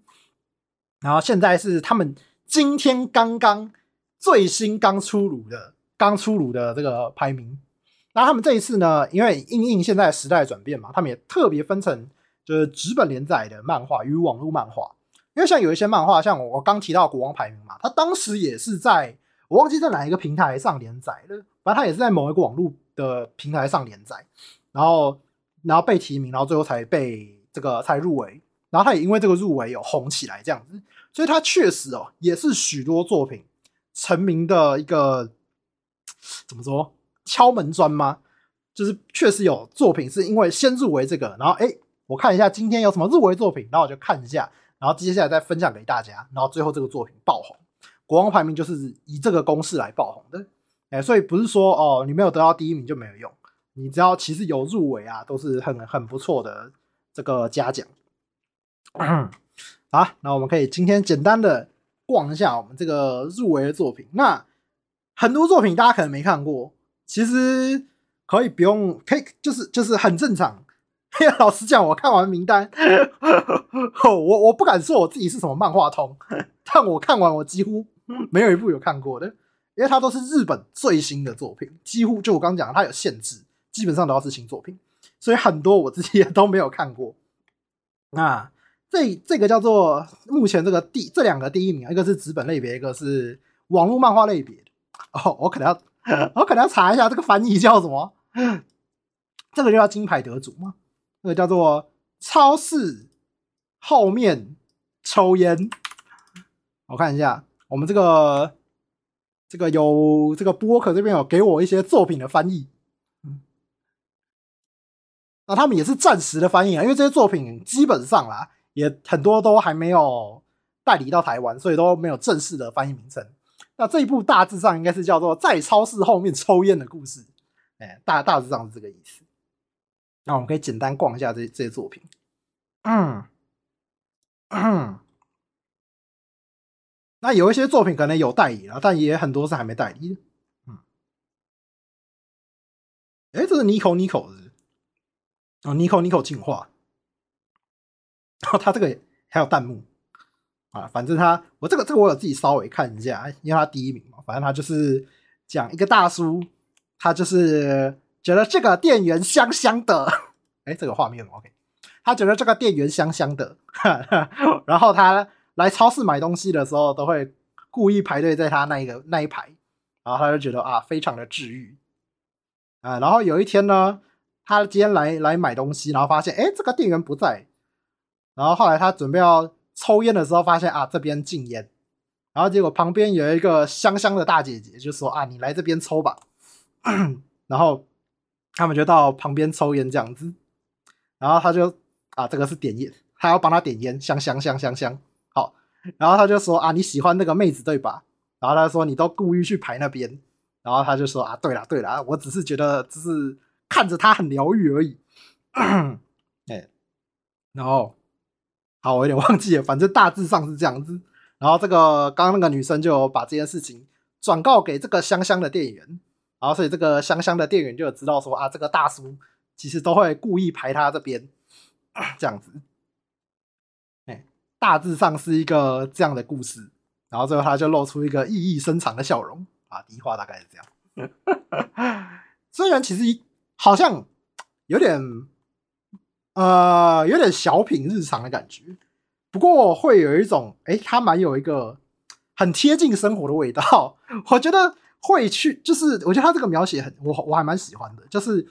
然後現在是他們今天剛剛最新剛出爐的剛出爐的這個排名。然後他們這一次呢，因為因應現在時代轉變嘛，他們也特別分成就是紙本連載的漫畫與網絡漫畫。因為像有一些漫畫，像我剛提到國王排名嘛，他當時也是在我忘記在哪一個平台上連載的，反正他也是在某一個網絡的平台上連載，然後。然後被提名，然後最後才被這個才入圍，然後他也因為這個入圍有紅起來這樣子，所以他確實哦也是許多作品成名的一個怎麼說敲門磚嗎？就是確實有作品是因為先入圍這個，然後哎我看一下今天有什麼入圍作品，然後我就看一下，然後接下來再分享給大家，然後最後這個作品爆紅，國王排名就是以這個公式來爆紅的，哎，所以不是說哦你沒有得到第一名就沒有用。你知道其實有入圍啊，都是很很不錯的這個嘉獎。好、啊，那我們可以今天簡單的逛一下我們這個入圍的作品。那很多作品大家可能沒看過，其實可以不用，可以就是就是很正常。老實講，我看完名單，我我不敢說我自己是什麼漫畫通，但我看完我幾乎沒有一部有看過的，因為它都是日本最新的作品，幾乎就我剛講的，它有限制。基本上都要是新作品，所以很多我自己也都沒有看過。啊，這這個叫做目前這個第這兩個第一名，一個是紙本類別，一個是網絡漫畫類別。哦，我可能要，我可能要查一下這個翻譯叫什麼。這個就叫金牌得主嘛，這個叫做超市後面抽煙。我看一下，我們這個這個有這個播客這邊有給我一些作品的翻譯。那他們也是暫時的翻譯啊，因為這些作品基本上啦，也很多都還沒有代理到台灣，所以都沒有正式的翻譯名稱。那這一部大致上應該是叫做《在超市後面抽煙的故事》，哎、欸，大大致上是這個意思。那我們可以簡單逛一下這些這些作品。嗯。嗯，那有一些作品可能有代理了，但也很多是還沒代理的。嗯，哎、欸，這是 Nico Nico 的。哦、oh,，Nico Nico 進化，然、oh, 後他這個還有彈幕啊，反正他我這個這個我有自己稍微看一下，因為他第一名嘛，反正他就是講一個大叔，他就是覺得這個店員香香的，哎、欸，這個畫面 OK，他覺得這個店員香香的， 然後他來超市買東西的時候都會故意排隊在他那一個那一排，然後他就覺得啊非常的治癒，啊，然後有一天呢，他今天來來買東西，然後發現哎，這個店員不在。然後後來他準備要抽菸的時候，發現啊這邊禁菸。然後結果旁邊有一個香香的大姐姐，就說啊你來這邊抽吧。 然後他們就到旁邊抽菸這樣子。然後他就啊這個是點菸，他要幫他點菸，香香香香香。好，然後他就說啊你喜歡那個妹子對吧？然後他說你都故意去排那邊。然後他就說啊對了對了，我只是覺得就是。看着他很療癒而已，哎， 欸、然後，好，我有點忘記了，反正大致上是這樣子。然後這個剛剛那個女生就把這件事情轉告給這個香香的店員，然後所以這個香香的店員就知道說啊，這個大叔其實都會故意排他這邊，這樣子。哎，大致上是一個這樣的故事。然後最後他就露出一個意味深長的笑容。啊，第一話大概是這樣。雖然其實一。好像有點呃，有點小品日常的感覺，不過會有一種哎，他、欸、蠻有一個很貼近生活的味道。我覺得會去，就是我覺得他這個描寫很，我我還蠻喜歡的。就是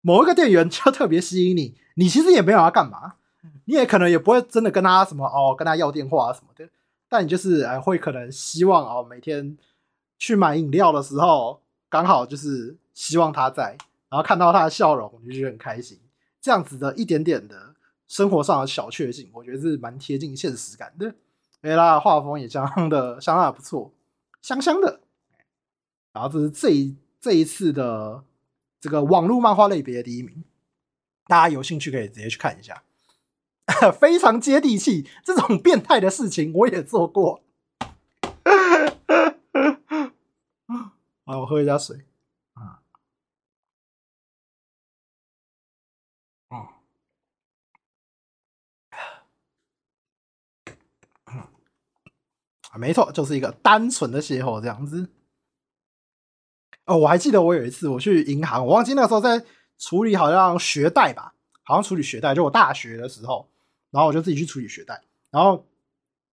某一個店員就特別吸引你，你其實也沒有要幹嘛，你也可能也不會真的跟他什麼哦，跟他要電話什麼的，但你就是、呃、會可能希望哦，每天去買飲料的時候剛好就是。希望他在，然後看到他的笑容，我就覺得很開心。這樣子的一點點的生活上的小確幸，我覺得是蠻貼近現實感的。艾拉的畫風也相當的相當的不錯，香香的。然後這是這一這一次的這個網絡漫畫類別的第一名，大家有興趣可以直接去看一下。 非常接地氣，這種變態的事情我也做過。 啊，我喝一下水。啊，沒錯，就是一個單純的邂逅這樣子。哦，我還記得我有一次我去銀行，我忘記那個時候在處理好像學貸吧，好像處理學貸，就我大學的時候，然後我就自己去處理學貸，然後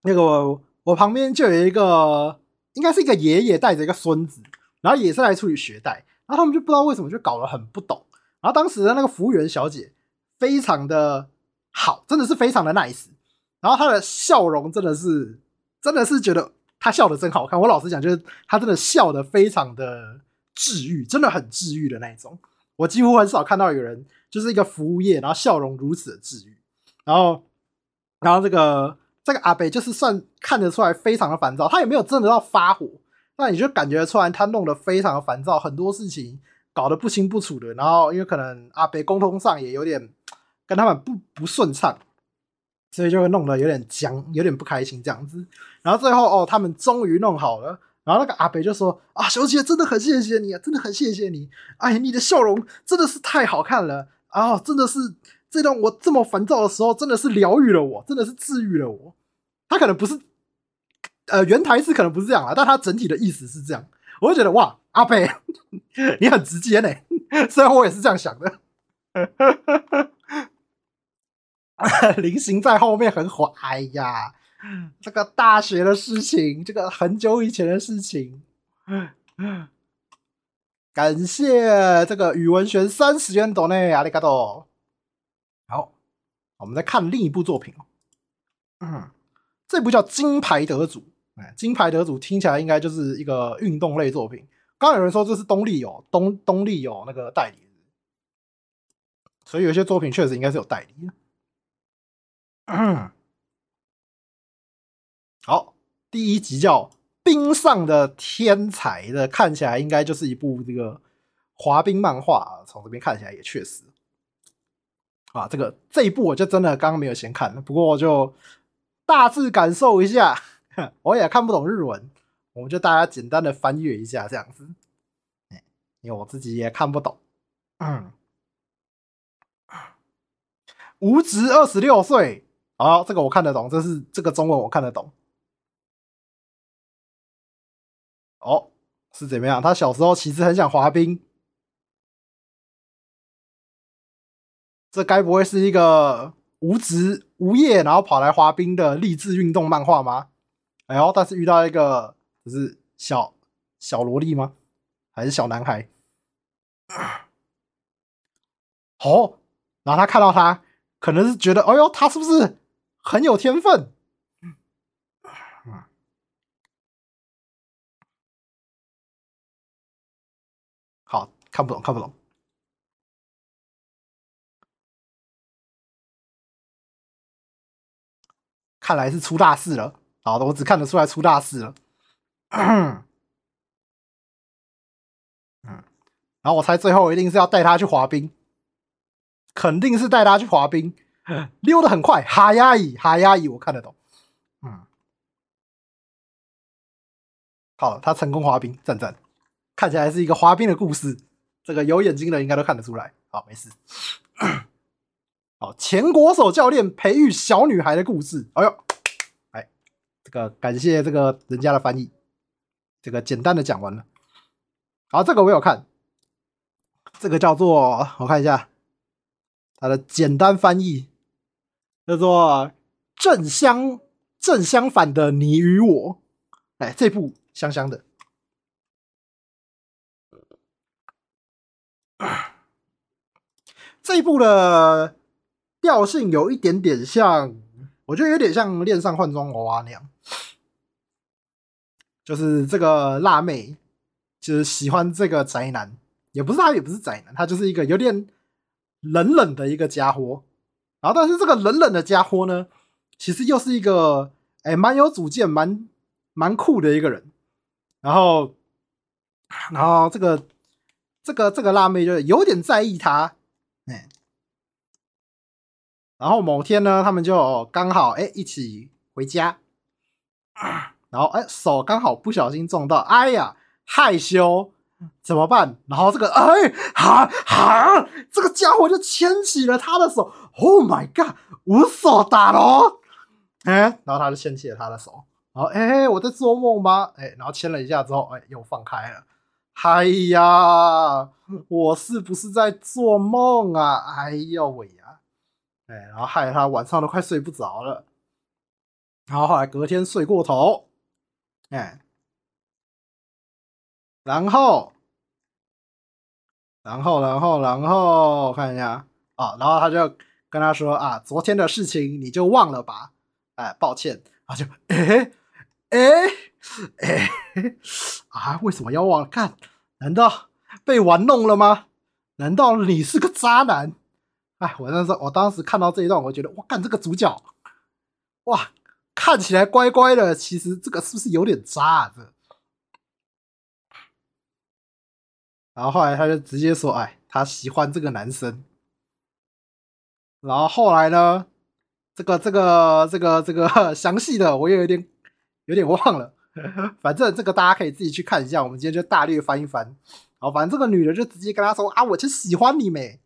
那個我，我旁邊就有一個，應該是一個爺爺帶着一個孫子，然後也是來處理學貸，然後他們就不知道為什麼就搞得很不懂，然後當時的那個服務員小姐非常的好，真的是非常的 nice，然後她的笑容真的是。真的是覺得他笑得真好看。我老實講，就是他真的笑得非常的治癒，真的很治癒的那一種。我幾乎很少看到有人就是一個服務業，然後笑容如此的治癒。然後，然後這個這個阿北就是算看得出來非常的煩躁，他也沒有真的到發火，那你就感覺出來他弄得非常的煩躁，很多事情搞得不清不楚的。然後，因為可能阿北溝通上也有點跟他們不不順暢。所以就會弄得有點僵，有點不開心這樣子。然後最後哦，他們終於弄好了。然後那個阿北就說：“啊、哦，小姐，真的很謝謝你啊，真的很謝謝你。哎，你的笑容真的是太好看了啊、哦，真的是這讓我這麼煩躁的時候，真的是療癒了我，真的是治癒了我。”他可能不是呃原台詞可能不是這樣啊，但他整體的意思是這樣。我就覺得哇，阿北你很直接呢、欸，雖然我也是這樣想的。 《 菱形在後面》很火。哎呀，這個大學的事情，這個很久以前的事情。感謝這個宇文玄三十元多呢，阿里嘎多。好，好，我們再看另一部作品。嗯，這部叫《金牌得主》。哎，《金牌得主》聽起來應該就是一個運動類作品。剛有人說這是東立哦，東東立有那個代理。所以有些作品確實應該是有代理的。嗯，好，第一集叫《冰上的天才》的，看起來應該就是一部這個滑冰漫畫。從這邊看起來也確實，啊，這個這一部我就真的剛剛沒有先看，不過我就大致感受一下。我也看不懂日文，我們就大家簡單的翻閱一下這樣子，哎，因為我自己也看不懂。嗯，無職二十六歲。好，哦，這個我看得懂，這是這個中文我看得懂。哦，是怎麼樣？他小時候其實很想滑冰，這該不會是一個無職無業然後跑來滑冰的勵志運動漫畫嗎？哎呦，但是遇到一個就是小小蘿莉嗎？還是小男孩？哦，然後他看到他，可能是覺得，哎呦，他是不是？很有天分，好，好看不懂，看不懂，看來是出大事了。好的，我只看得出來出大事了。嗯，然後我猜最後一定是要帶他去滑冰，肯定是帶他去滑冰。溜得很快，嗯、哈呀咦，哈呀咦，我看得懂。嗯，好，他成功滑冰，讚讚。看起來是一個滑冰的故事，這個有眼睛的人應該都看得出來。好、哦，沒事。 好，前國手教練培育小女孩的故事。哎呦，哎，這個感謝這個人家的翻譯，這個簡單的講完了。好，這個我有看，這個叫做我看一下，它的簡單翻譯。叫做正相正相反的你與我，哎，這一部香香的。這一部的調性有一點點像，我覺得有點像《戀上換裝娃娃》那樣，就是這個辣妹就是喜歡這個宅男，也不是他，也不是宅男，他就是一個有點冷冷的一個家伙。啊！但是這個冷冷的家伙呢，其實又是一個哎，蠻、欸、有主見、蠻蠻酷的一個人。然後，然後這個這個這個辣妹就有點在意他。哎、欸，然後某天呢，他們就剛好哎、欸、一起回家，然後哎、欸、手剛好不小心撞到，哎呀，害羞。怎麼辦？然後這個哎，哈哈，這個傢伙就牽起了他的手。Oh my god，無所打囉，哎，然後他就牽起了他的手。然後哎，我在做夢嗎？哎，然後牽了一下之後，哎，又放開了。嗨呀，我是不是在做夢啊？哎呦喂呀，哎，然後害他晚上都快睡不着了。然後後來隔天睡過頭，哎。然後，然後，然後，然後，我看一下啊、哦，然後他就跟他說啊，昨天的事情你就忘了吧，哎、呃，抱歉，他就哎哎誒，誒，誒，誒，誒啊，為什麼要忘？幹？難道被玩弄了嗎？難道你是個渣男？哎，我那時候，我當時看到這一段，我覺得，我幹這個主角，哇，看起來乖乖的，其實這個是不是有點渣啊？這個？然後後來他就直接說：“哎，他喜歡這個男生。”然後後來呢，這個這個這個這個詳細的我也有點有點忘了。反正這個大家可以自己去看一下。我們今天就大略翻一翻。然後反正這個女的就直接跟他說：“啊，我就喜歡你咩？”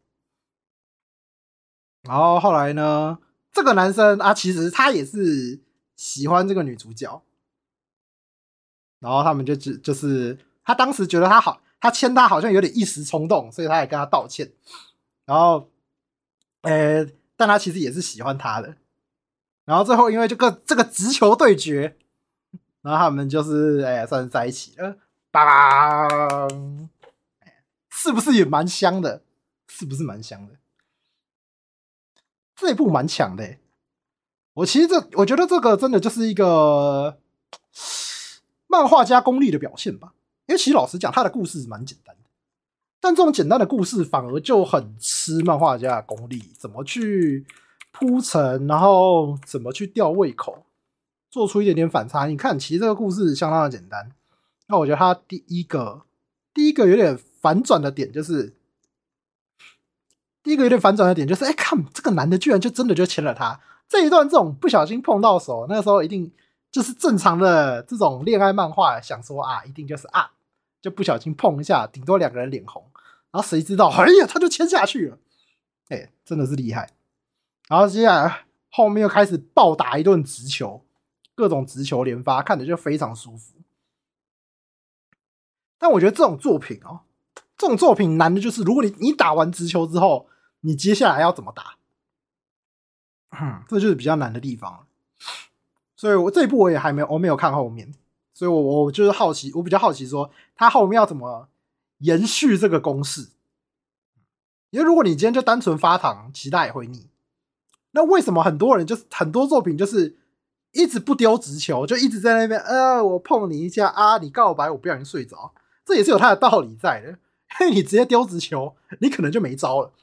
然後後來呢，這個男生啊，其實他也是喜歡這個女主角。然後他們就就就是他當時覺得他好。他牽她好像有點一時衝動，所以他也跟他道歉。然後，呃，但他其實也是喜歡她的。然後最後因為這個這個直球對決，然後他們就是哎、欸，算是在一起了。當，是不是也蠻香的？是不是蠻香的？這一步蠻強的、欸。我其實這我覺得這個真的就是一個漫畫家功力的表現吧。因為其實老實講，他的故事蠻簡單的，但這種簡單的故事反而就很吃漫畫家的功力，怎麼去鋪陳，然後怎麼去吊胃口，做出一點點反差。你看，其實這個故事相當的簡單。那我覺得他第一個，第一個有點反轉的點就是，第一個有點反轉的點就是，哎，看這個男的居然就真的就牽了她。這一段這種不小心碰到手，那個時候一定。就是正常的這種戀愛漫畫，想說啊，一定就是啊，就不小心碰一下，頂多兩個人臉紅。然後誰知道，哎呀，他就牽下去了，哎，真的是厲害。然後接下來後面又開始暴打一頓直球，各種直球連發，看着就非常舒服。但我覺得這種作品哦、喔，這種作品難的就是，如果你你打完直球之後，你接下來要怎麼打，這就是比較難的地方。所以，我這一部我也還沒有，我沒有看後面，所以我我就是好奇，我比較好奇說他後面要怎麼延續這個公式？因為如果你今天就單純發糖，其他也會膩。那為什麼很多人就是很多作品就是一直不丟直球，就一直在那邊，呃，我碰你一下啊，你告白我，不小心睡着，這也是有它的道理在的。嘿，你直接丟直球，你可能就沒招了，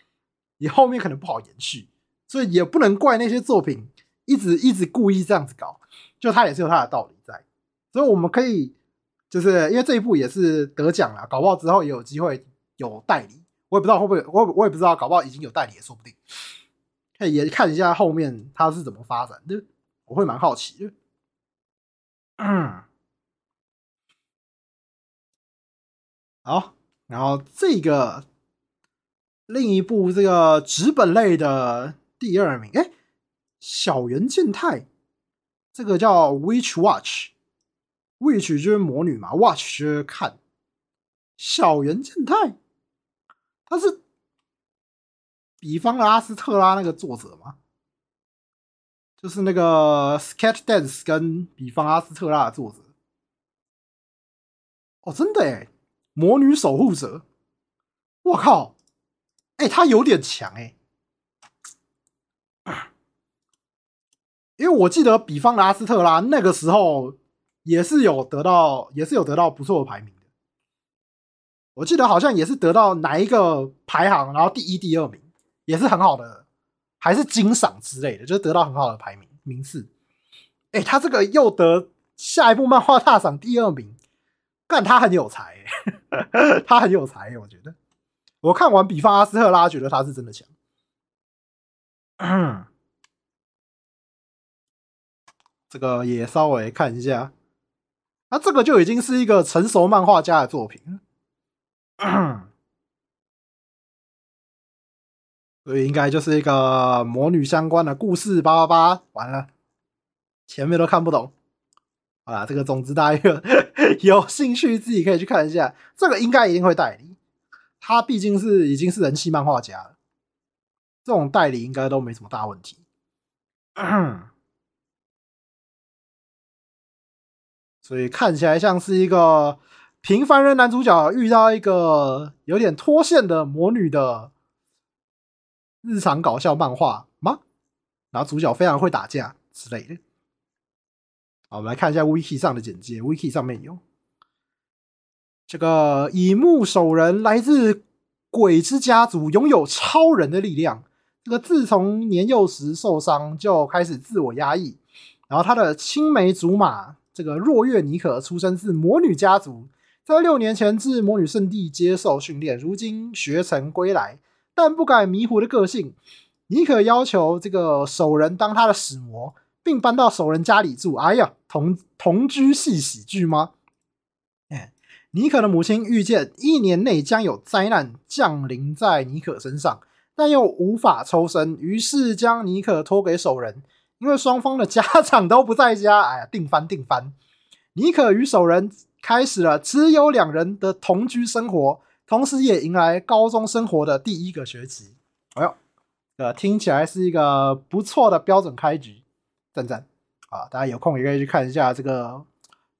你後面可能不好延續，所以也不能怪那些作品一直一直故意這樣子搞。就他也是有他的道理在，所以我們可以就是，因為這一部也是得獎了，搞不好之後也有機會有代理，我也不知道會不會，我也我也不知道，搞不好已經有代理也說不定，可以也看一下後面他是怎麼發展，就我會蠻好奇。嗯，好，然後這個另一部這個紙本類的第二名，哎，小人健太。這個叫 Witch Watch，Witch 就是魔女嘛，Watch 就是看。篠原健太，他是彼方的阿斯特拉那個作者嗎？就是那個 Sket Dance 跟彼方阿斯特拉的作者。哦，真的誒，魔女守護者，我靠，誒、欸、他有點強誒。因為我記得比方的阿斯特拉那個時候也是有得到，也是有得到不錯的排名的。我記得好像也是得到哪一個排行，然後第一、第二名也是很好的，還是金賞之類的，就是得到很好的排名名次。哎、欸，他這個又得下一部漫畫大賞第二名，但他很有才、欸， 他很有才、欸，我覺得。我看完比方阿斯特拉，覺得他是真的強。 這個也稍微看一下，那、啊、這個就已經是一個成熟漫畫家的作品咳咳，所以應該就是一個魔女相關的故事。八八八，完了，前面都看不懂。好、啊、了，這個總之大家有,有興趣自己可以去看一下，這個應該一定會代理。他畢竟是已經是人氣漫畫家了，這種代理應該都沒什麼大問題。咳咳所以看起來像是一個平凡人男主角遇到一個有點脫線的魔女的日常搞笑漫畫嗎？然後主角非常會打架之類的。好，我們來看一下 wiki 上的簡介，wiki 上面有。這個乙木守人來自鬼之家族，擁有超人的力量。這個自從年幼時受傷就開始自我壓抑，然後他的青梅竹馬。這個若月妮可出生自魔女家族，在六年前至魔女聖地接受訓練，如今學成歸來，但不改迷糊的個性。妮可要求這個守人當她的使魔，並搬到守人家裡住。哎呀，同同居系喜劇嗎？哎，妮可的母親預見一年內將有災難降臨在妮可身上，但又無法抽身，於是將妮可託給守人。因為雙方的家長都不在家，哎呀，定番定番，尼可與守仁開始了只有兩人的同居生活，同時也迎來高中生活的第一個學期。哎喲，呃，聽起來是一個不錯的標準開局，贊贊啊！大家有空也可以去看一下這個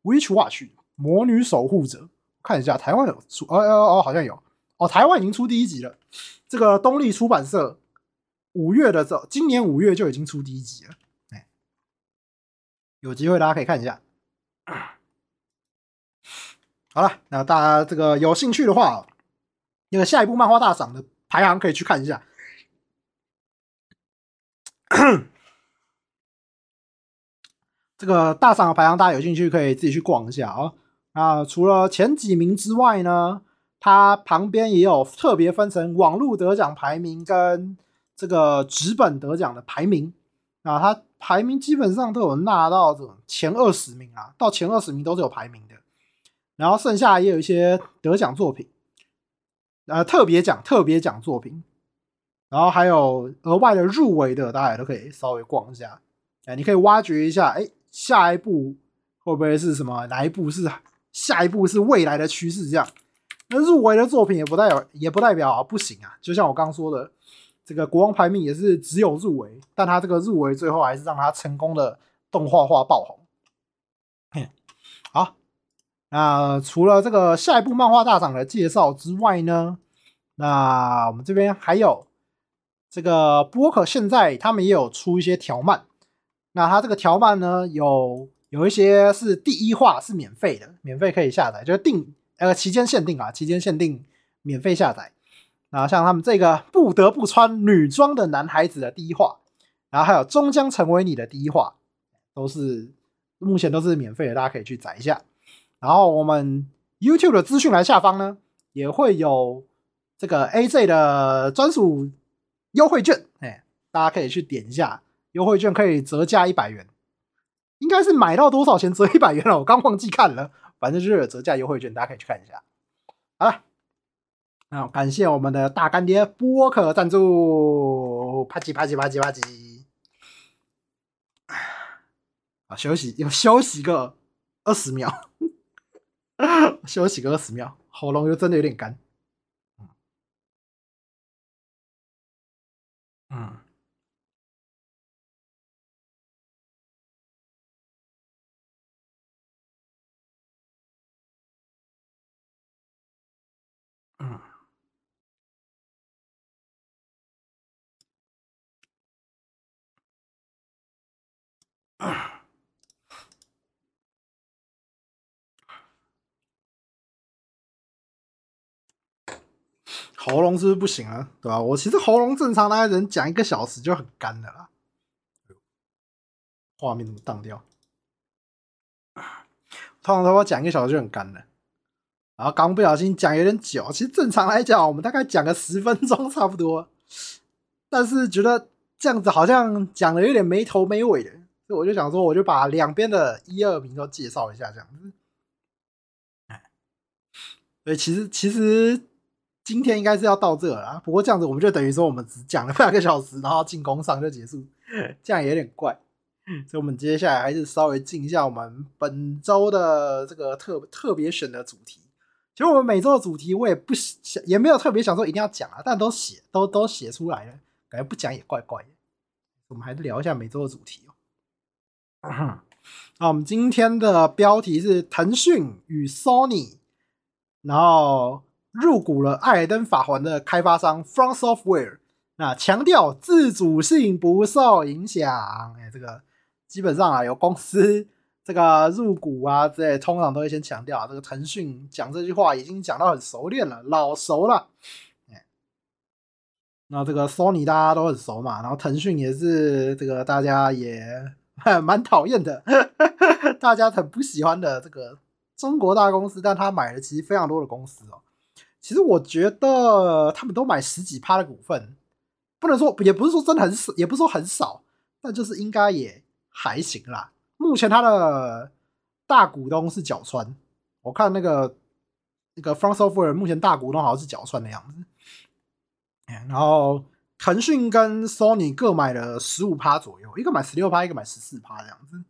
《Witch Watch》魔女守護者，看一下台灣有出，哦哦哦，好像有哦，台灣已經出第一集了。這個東立出版社五月的時候，今年五月就已經出第一集了。有機會大家可以看一下。好了，那大家這個有興趣的話，那個下一部漫畫大賞的排行可以去看一下。這個大賞的排行大家有興趣可以自己去逛一下啊、哦！啊，除了前幾名之外呢，它旁邊也有特別分成網絡得獎排名跟這個紙本得獎的排名啊，它。排名基本上都有納到這種前二十名啊，到前二十名都是有排名的。然後剩下也有一些得獎作品，呃，特別獎、特別獎作品，然後還有額外的入圍的，大家也都可以稍微逛一下。哎、啊，你可以挖掘一下，哎，下一步會不會是什麼？哪一步是下一步是未來的趨勢？這樣，那入圍的作品也不代表也不代表、啊、不行啊，就像我剛說的。這個國王排名也是只有入圍，但他這個入圍最後還是讓他成功的動畫化爆紅。好，那除了這個下一部漫畫大賞的介紹之外呢，那我們這邊還有這個波克，現在他們也有出一些條漫，那他這個條漫呢有有一些是第一話是免費的，免費可以下載，就是定，呃，期間限定啊，期間限定免費下載。然後像他們這個不得不穿女裝的男孩子的第一話，然後還有終將成為你的第一話，都是目前都是免費的，大家可以去載一下。然後我們 YouTube 的資訊欄下方呢，也會有這個 AJ 的專屬優惠券，哎，大家可以去點一下，優惠券可以折價一百元。應該是買到多少錢折一百元，我剛忘記看了，反正就是有折價優惠券，大家可以去看一下。好了。好、嗯，感謝我們的大乾爹波克贊助，啪嘰啪嘰啪嘰啪嘰。啊，休息，要休息個二十秒， 休息個二十秒，喉嚨又真的有點乾，嗯。喉嚨是不是不行了，啊？對吧，啊？我其實喉嚨正常，來講講一個小時就很乾的啦。畫面怎麼當掉？通常我講一個小時就很乾了，然後剛不小心講有點久。其實正常來講，我們大概講個十分鐘差不多。但是覺得這樣子好像講得有點沒頭沒尾的。所以我就想說，我就把兩邊的一二名都介紹一下，這樣子。哎，所以其實其實今天應該是要到這了，不過這樣子我們就等於說我們只講了半個小時，然後進攻上就結束，這樣也有點怪。所以，我們接下來還是稍微進一下我們本周的這個特特別選的主題。其實我們每周的主題我也不想，也沒有特別想說一定要講啊，但都寫都都寫出來了，感覺不講也怪怪的。我們還是聊一下每周的主題哦。 那我們今天的標題是騰訊與 Sony 然後入股了《艾爾登法環》的開發商 From Software，那強調自主性不受影響。哎，這個基本上啊，有公司這個入股啊，這通常都會先強調。這個騰訊講這句話已經講到很熟練了，老熟了。那這個 Sony 大家都很熟嘛，然後騰訊也是這個大家也。蠻討厭的，大家很不喜歡的這個中國大公司，但他買了其實非常多的公司哦、喔。其實我覺得他們都買十幾趴的股份，不能說也不是說真的很少，也不是說很少，但就是應該也還行啦。目前他的大股東是角川，我看那個那個 FromSoftware 目前大股東好像是角川的樣子，然後。騰訊跟 Sony 各買了十五趴左右，一個買十六趴，一個買十四趴這樣子。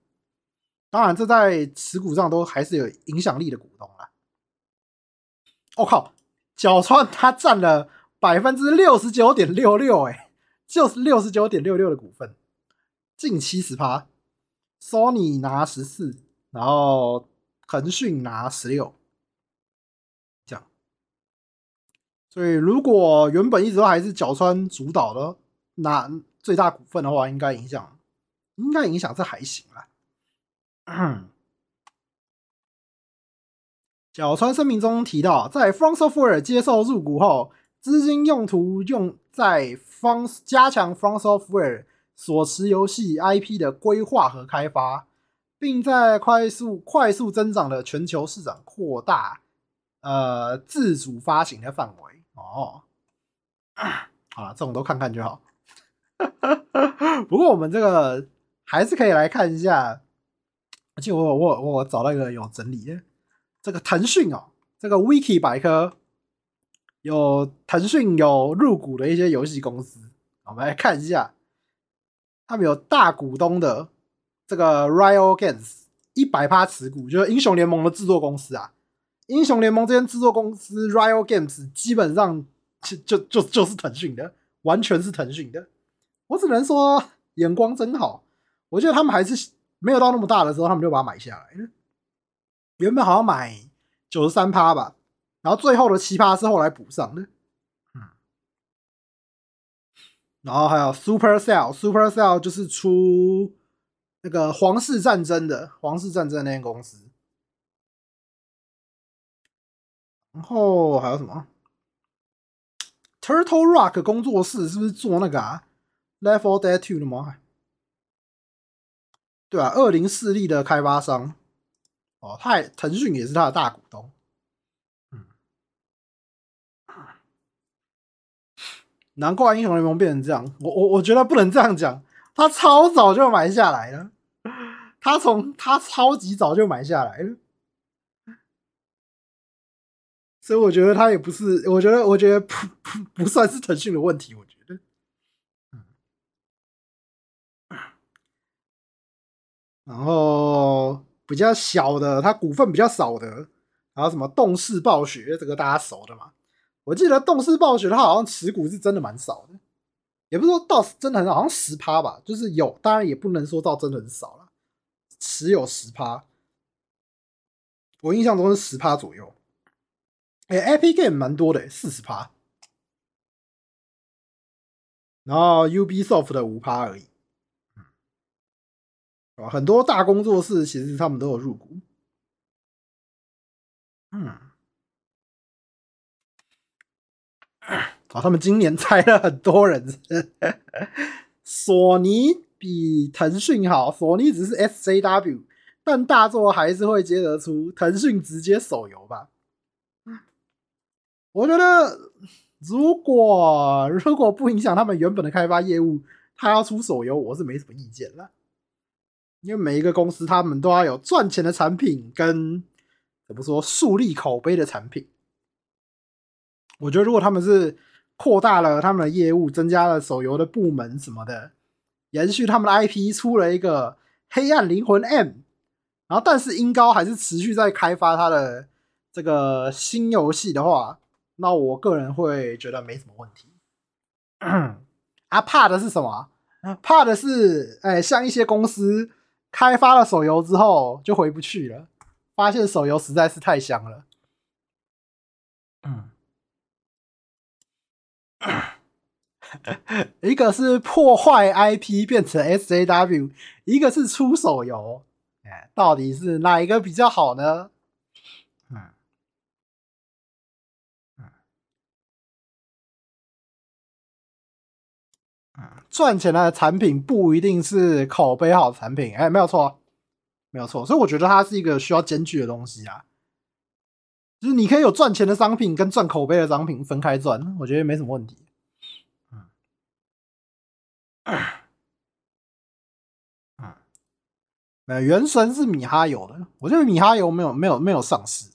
當然，這在持股上都還是有影響力的股東了。我、哦、靠，角川它占了百分之六十九點六六，哎、欸，就是六十九點六六的股份，近七十趴。Sony 拿十四，然後騰訊拿十六。對，如果原本一直都還是角川主導的，那最大股份的話，應該影響，應該影響是還行啦。嗯。角川聲明中提到，在 FromSoftware 接受入股後，資金用途用在方加強 FromSoftware 所持遊戲 IP 的規劃和開發，並在快速快速增長的全球市場擴大呃自主發行的範圍。哦，啊、嗯，好啦，這種都看看就好。 不過我們這個還是可以來看一下，而且我有我我找到一個有整理的，欸，這個騰訊哦，這個 wiki 百科有騰訊有入股的一些遊戲公司，我們來看一下，他們有大股東的這個 Riot Games 一百趴持股，就是英雄聯盟的製作公司啊。英雄聯盟這間製作公司 Riot Games 基本上就就就是騰訊的，完全是騰訊的。我只能說眼光真好。我覺得他們還是沒有到那麼大的時候，他們就把它買下來了。原本好像買九十三趴吧，然後最後的七趴是後來補上的。嗯，然後還有 Supercell，Supercell 就是出那個皇室戰爭的《皇室戰爭》的，《皇室戰爭》那間公司。然後還有什麼？Turtle Rock 工作室是不是做那個、啊《Left 4 Dead 2》的嗎？對啊 L4D 的開發商哦，他也，騰訊也是他的大股東。嗯，難怪英雄聯盟變成這樣。我我我覺得不能這樣講，他超早就買下來了，他從他超級早就買下來了。所以我覺得他也不是，我覺得，我覺得不不不算是騰訊的問題。我覺得，嗯，然後比較小的，他股份比較少的，然後什麼動視暴雪，這個大家熟的嘛？我記得動視暴雪他好像持股是真的蠻少的，也不是說到真的很少，好像十趴吧，就是有，當然也不能說到真的很少了，持有十趴，我印象中是十趴左右。哎、欸，Epic Game 蠻多的，欸，四十趴，然後 Ubisoft 的五趴而已，嗯，很多大工作室其實他們都有入股，嗯，好、啊，他們今年裁了很多人是是，索尼比騰訊好，索尼只是 SJW，但大作還是會接得出，騰訊直接手遊吧。我覺得，如果如果不影響他們原本的開發業務，他要出手遊，我是沒什麼意見了。因為每一個公司，他們都要有賺錢的產品跟怎麼說樹立口碑的產品。我覺得，如果他們是擴大了他們的業務，增加了手遊的部門什麼的，延續他們的 IP，出了一個《黑暗靈魂 M》，然後但是英高還是持續在開發他的這個新遊戲的話。那我個人會覺得沒什麼問題。 啊，怕的是什麼？怕的是，哎、欸，像一些公司開發了手遊之後就回不去了，發現手遊實在是太香了。 一個是破壞 IP 變成 SJW，一個是出手遊，哎，到底是哪一個比較好呢？賺錢的產品不一定是口碑好的產品，哎、欸，沒有錯、啊，沒有錯，所以我覺得它是一個需要兼具的東西啊。就是你可以有賺錢的商品跟賺口碑的商品分開賺，我覺得沒什麼問題。嗯，嗯，沒有，原神是米哈遊的，我覺得米哈遊沒有沒有沒有，沒有上市。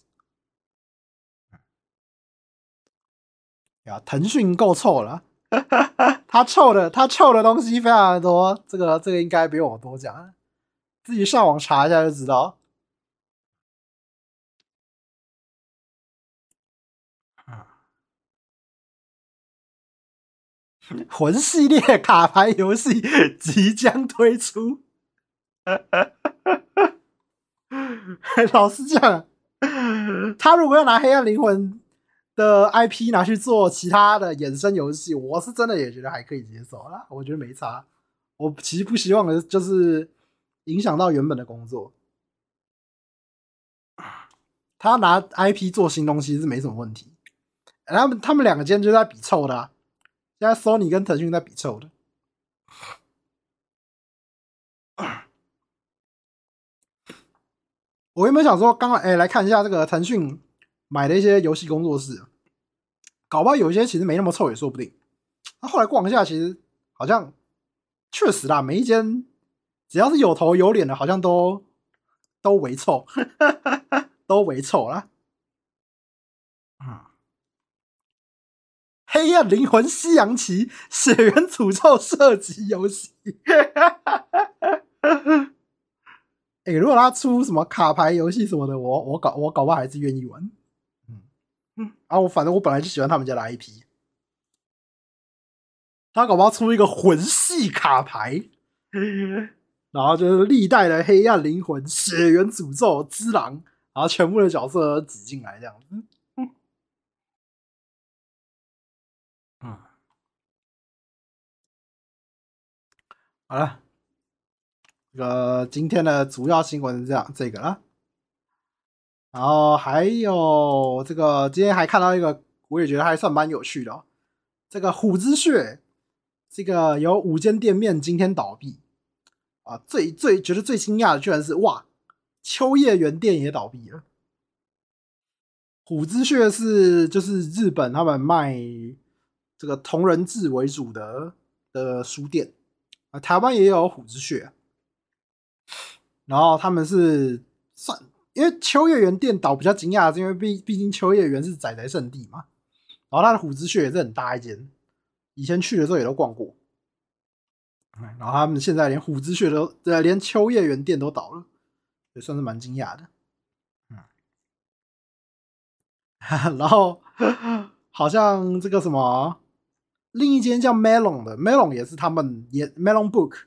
呀、啊，騰訊夠臭了。 他臭的，他臭的東西非常的多。這個，這個應該不用我多講，自己上網查一下就知道。魂系列卡牌遊戲即將推出。老實講，他如果要拿黑暗靈魂。的 IP 拿去做其他的衍生遊戲，我是真的也覺得還可以接受啦，我覺得沒差。我其實不希望的就是影響到原本的工作。他拿 IP 做新東西是沒什麼問題。他們他們兩個間就在比臭的，啊，現在 Sony 跟騰訊在比臭的。我原本想說，剛來哎，來看一下這個騰訊。買了一些遊戲工作室，搞不好有一些其實沒那麼臭也說不定。那後來逛一下，其實好像確實啦，每一間只要是有頭有臉的，好像都都微臭，都微臭啦。啊、嗯，黑暗靈魂、西洋棋，血緣詛咒射擊遊戲。誒、欸，如果他出什麼卡牌遊戲什麼的，我我搞我搞不好還是願意玩。嗯啊，我反正我本來就喜歡他們家的 IP，他搞不好出一個魂系卡牌，然後就是歷代的黑暗靈魂、血緣詛咒之狼，然後全部的角色都擠進來這樣子。嗯嗯。好了，這個今天的主要新聞是這樣，這個啊然後還有這個，今天還看到一個，我也覺得還算蠻有趣的哦。這個虎之穴，這個有五間店面今天倒閉啊！最最覺得最驚訝的，居然是，哇，秋葉原店也倒閉了。虎之穴是就是日本他們賣這個同人誌為主的的書店啊，台灣也有虎之穴，然後他們是算。因為秋葉原店倒比較驚訝，是因為畢畢竟秋葉原是宅宅聖地嘛，然後它的虎之穴也是很大一間，以前去的時候也都逛過，然後他們現在連虎之穴都，連秋葉原店都倒了，也算是蠻驚訝的，嗯，然後好像這個什麼另一間叫 Melon 的，Melon 也是他們也 Melon Book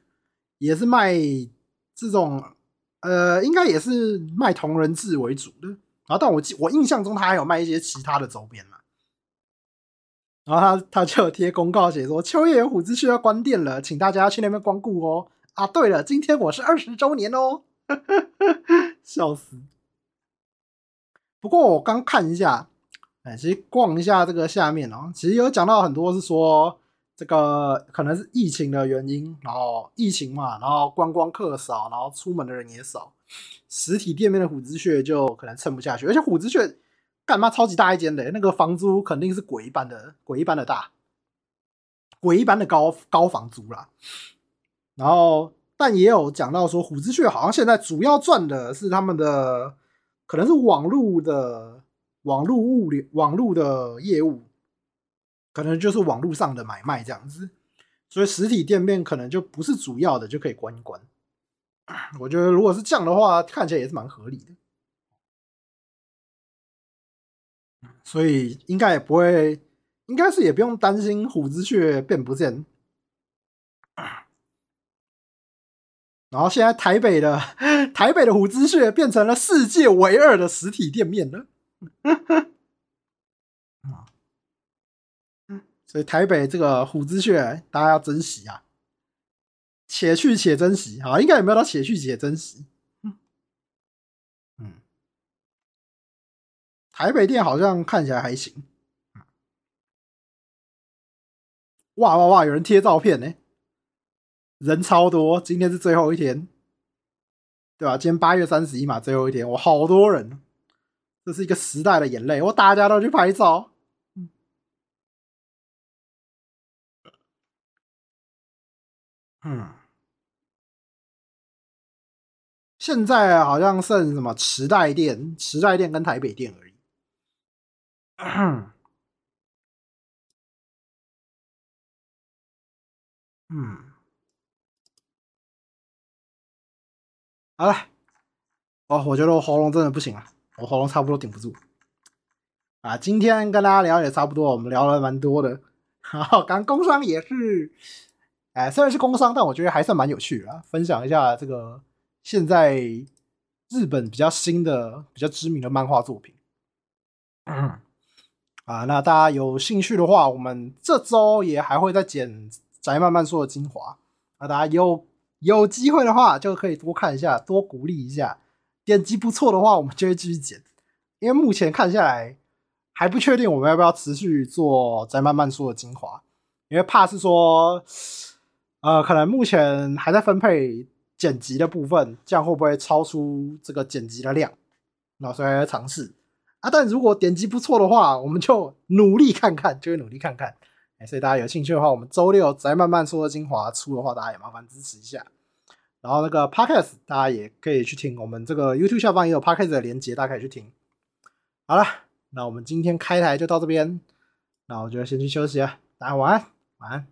也是賣這種。呃，應該也是賣同人志為主的，然、啊、後但我記我印象中他還有賣一些其他的周邊嘛、啊，然後他他就貼公告寫說秋葉虎之穴要關店了，請大家去那邊光顧哦。啊，對了，今天我是二十周年哦，， 笑死。不過我剛看一下，哎、欸，其實逛一下這個下面哦，其實有講到很多是說。這個可能是疫情的原因，然後疫情嘛，然後觀光客少，然後出門的人也少，實體店面的虎之穴就可能撐不下去。而且虎之穴幹嘛超級大一間嘞？那個房租肯定是鬼一般的、鬼一般的大、鬼一般的高高房租啦，然後，但也有講到說，虎之穴好像現在主要賺的是他們的可能是網絡的網絡物流、網絡的業務。可能就是網絡上的買賣這樣子，所以實體店面可能就不是主要的，就可以關一關。我覺得如果是這樣的話，看起來也是蠻合理的，所以應該也不會，應該是也不用擔心虎之穴變不見。然後現在台北的台北的虎之穴變成了世界唯二的實體店面了。 對台北這個虎之穴，大家要珍惜啊！且去且珍惜啊！應該也沒有到“且去且珍惜”。嗯嗯，台北店好像看起來還行。嗯、哇哇哇！有人貼照片呢，欸，人超多。今天是最後一天，對吧？啊？今天八月三十一嘛，最後一天，我好多人，這是一個時代的眼淚。我大家都去拍照。嗯，現在好像剩什麼池袋店，池袋店跟台北店而已。嗯，好了，哦，我覺得我喉嚨真的不行了，啊，我喉嚨差不多頂不住。啊，今天跟大家聊也差不多，我們聊了蠻多的，然後剛工商也是。哎，雖然是工商，但我覺得還算蠻有趣的啊。分享一下這個現在日本比較新的，比較知名的漫畫作品 。啊，那大家有興趣的話，我們這週也還會再剪宅漫慢說的精華。啊。大家有有機會的話，就可以多看一下，多鼓勵一下。點擊不錯的話，我們就會繼續剪。因為目前看下來還不確定我們要不要持續做宅漫慢說的精華，因為怕是說。呃，可能目前還在分配剪輯的部分，這樣會不會超出這個剪輯的量？所以還在嘗試啊，但如果點擊不錯的話，我們就努力看看，就會努力看看。哎、欸，所以大家有興趣的話，我們週六宅漫慢說的精華出的話，大家也麻煩支持一下。然後那個 Podcast 大家也可以去聽，我們這個 YouTube 下方也有 Podcast 的連接，大家可以去聽。好了，那我們今天開台就到這邊，那我就先去休息了，大家晚安，晚安。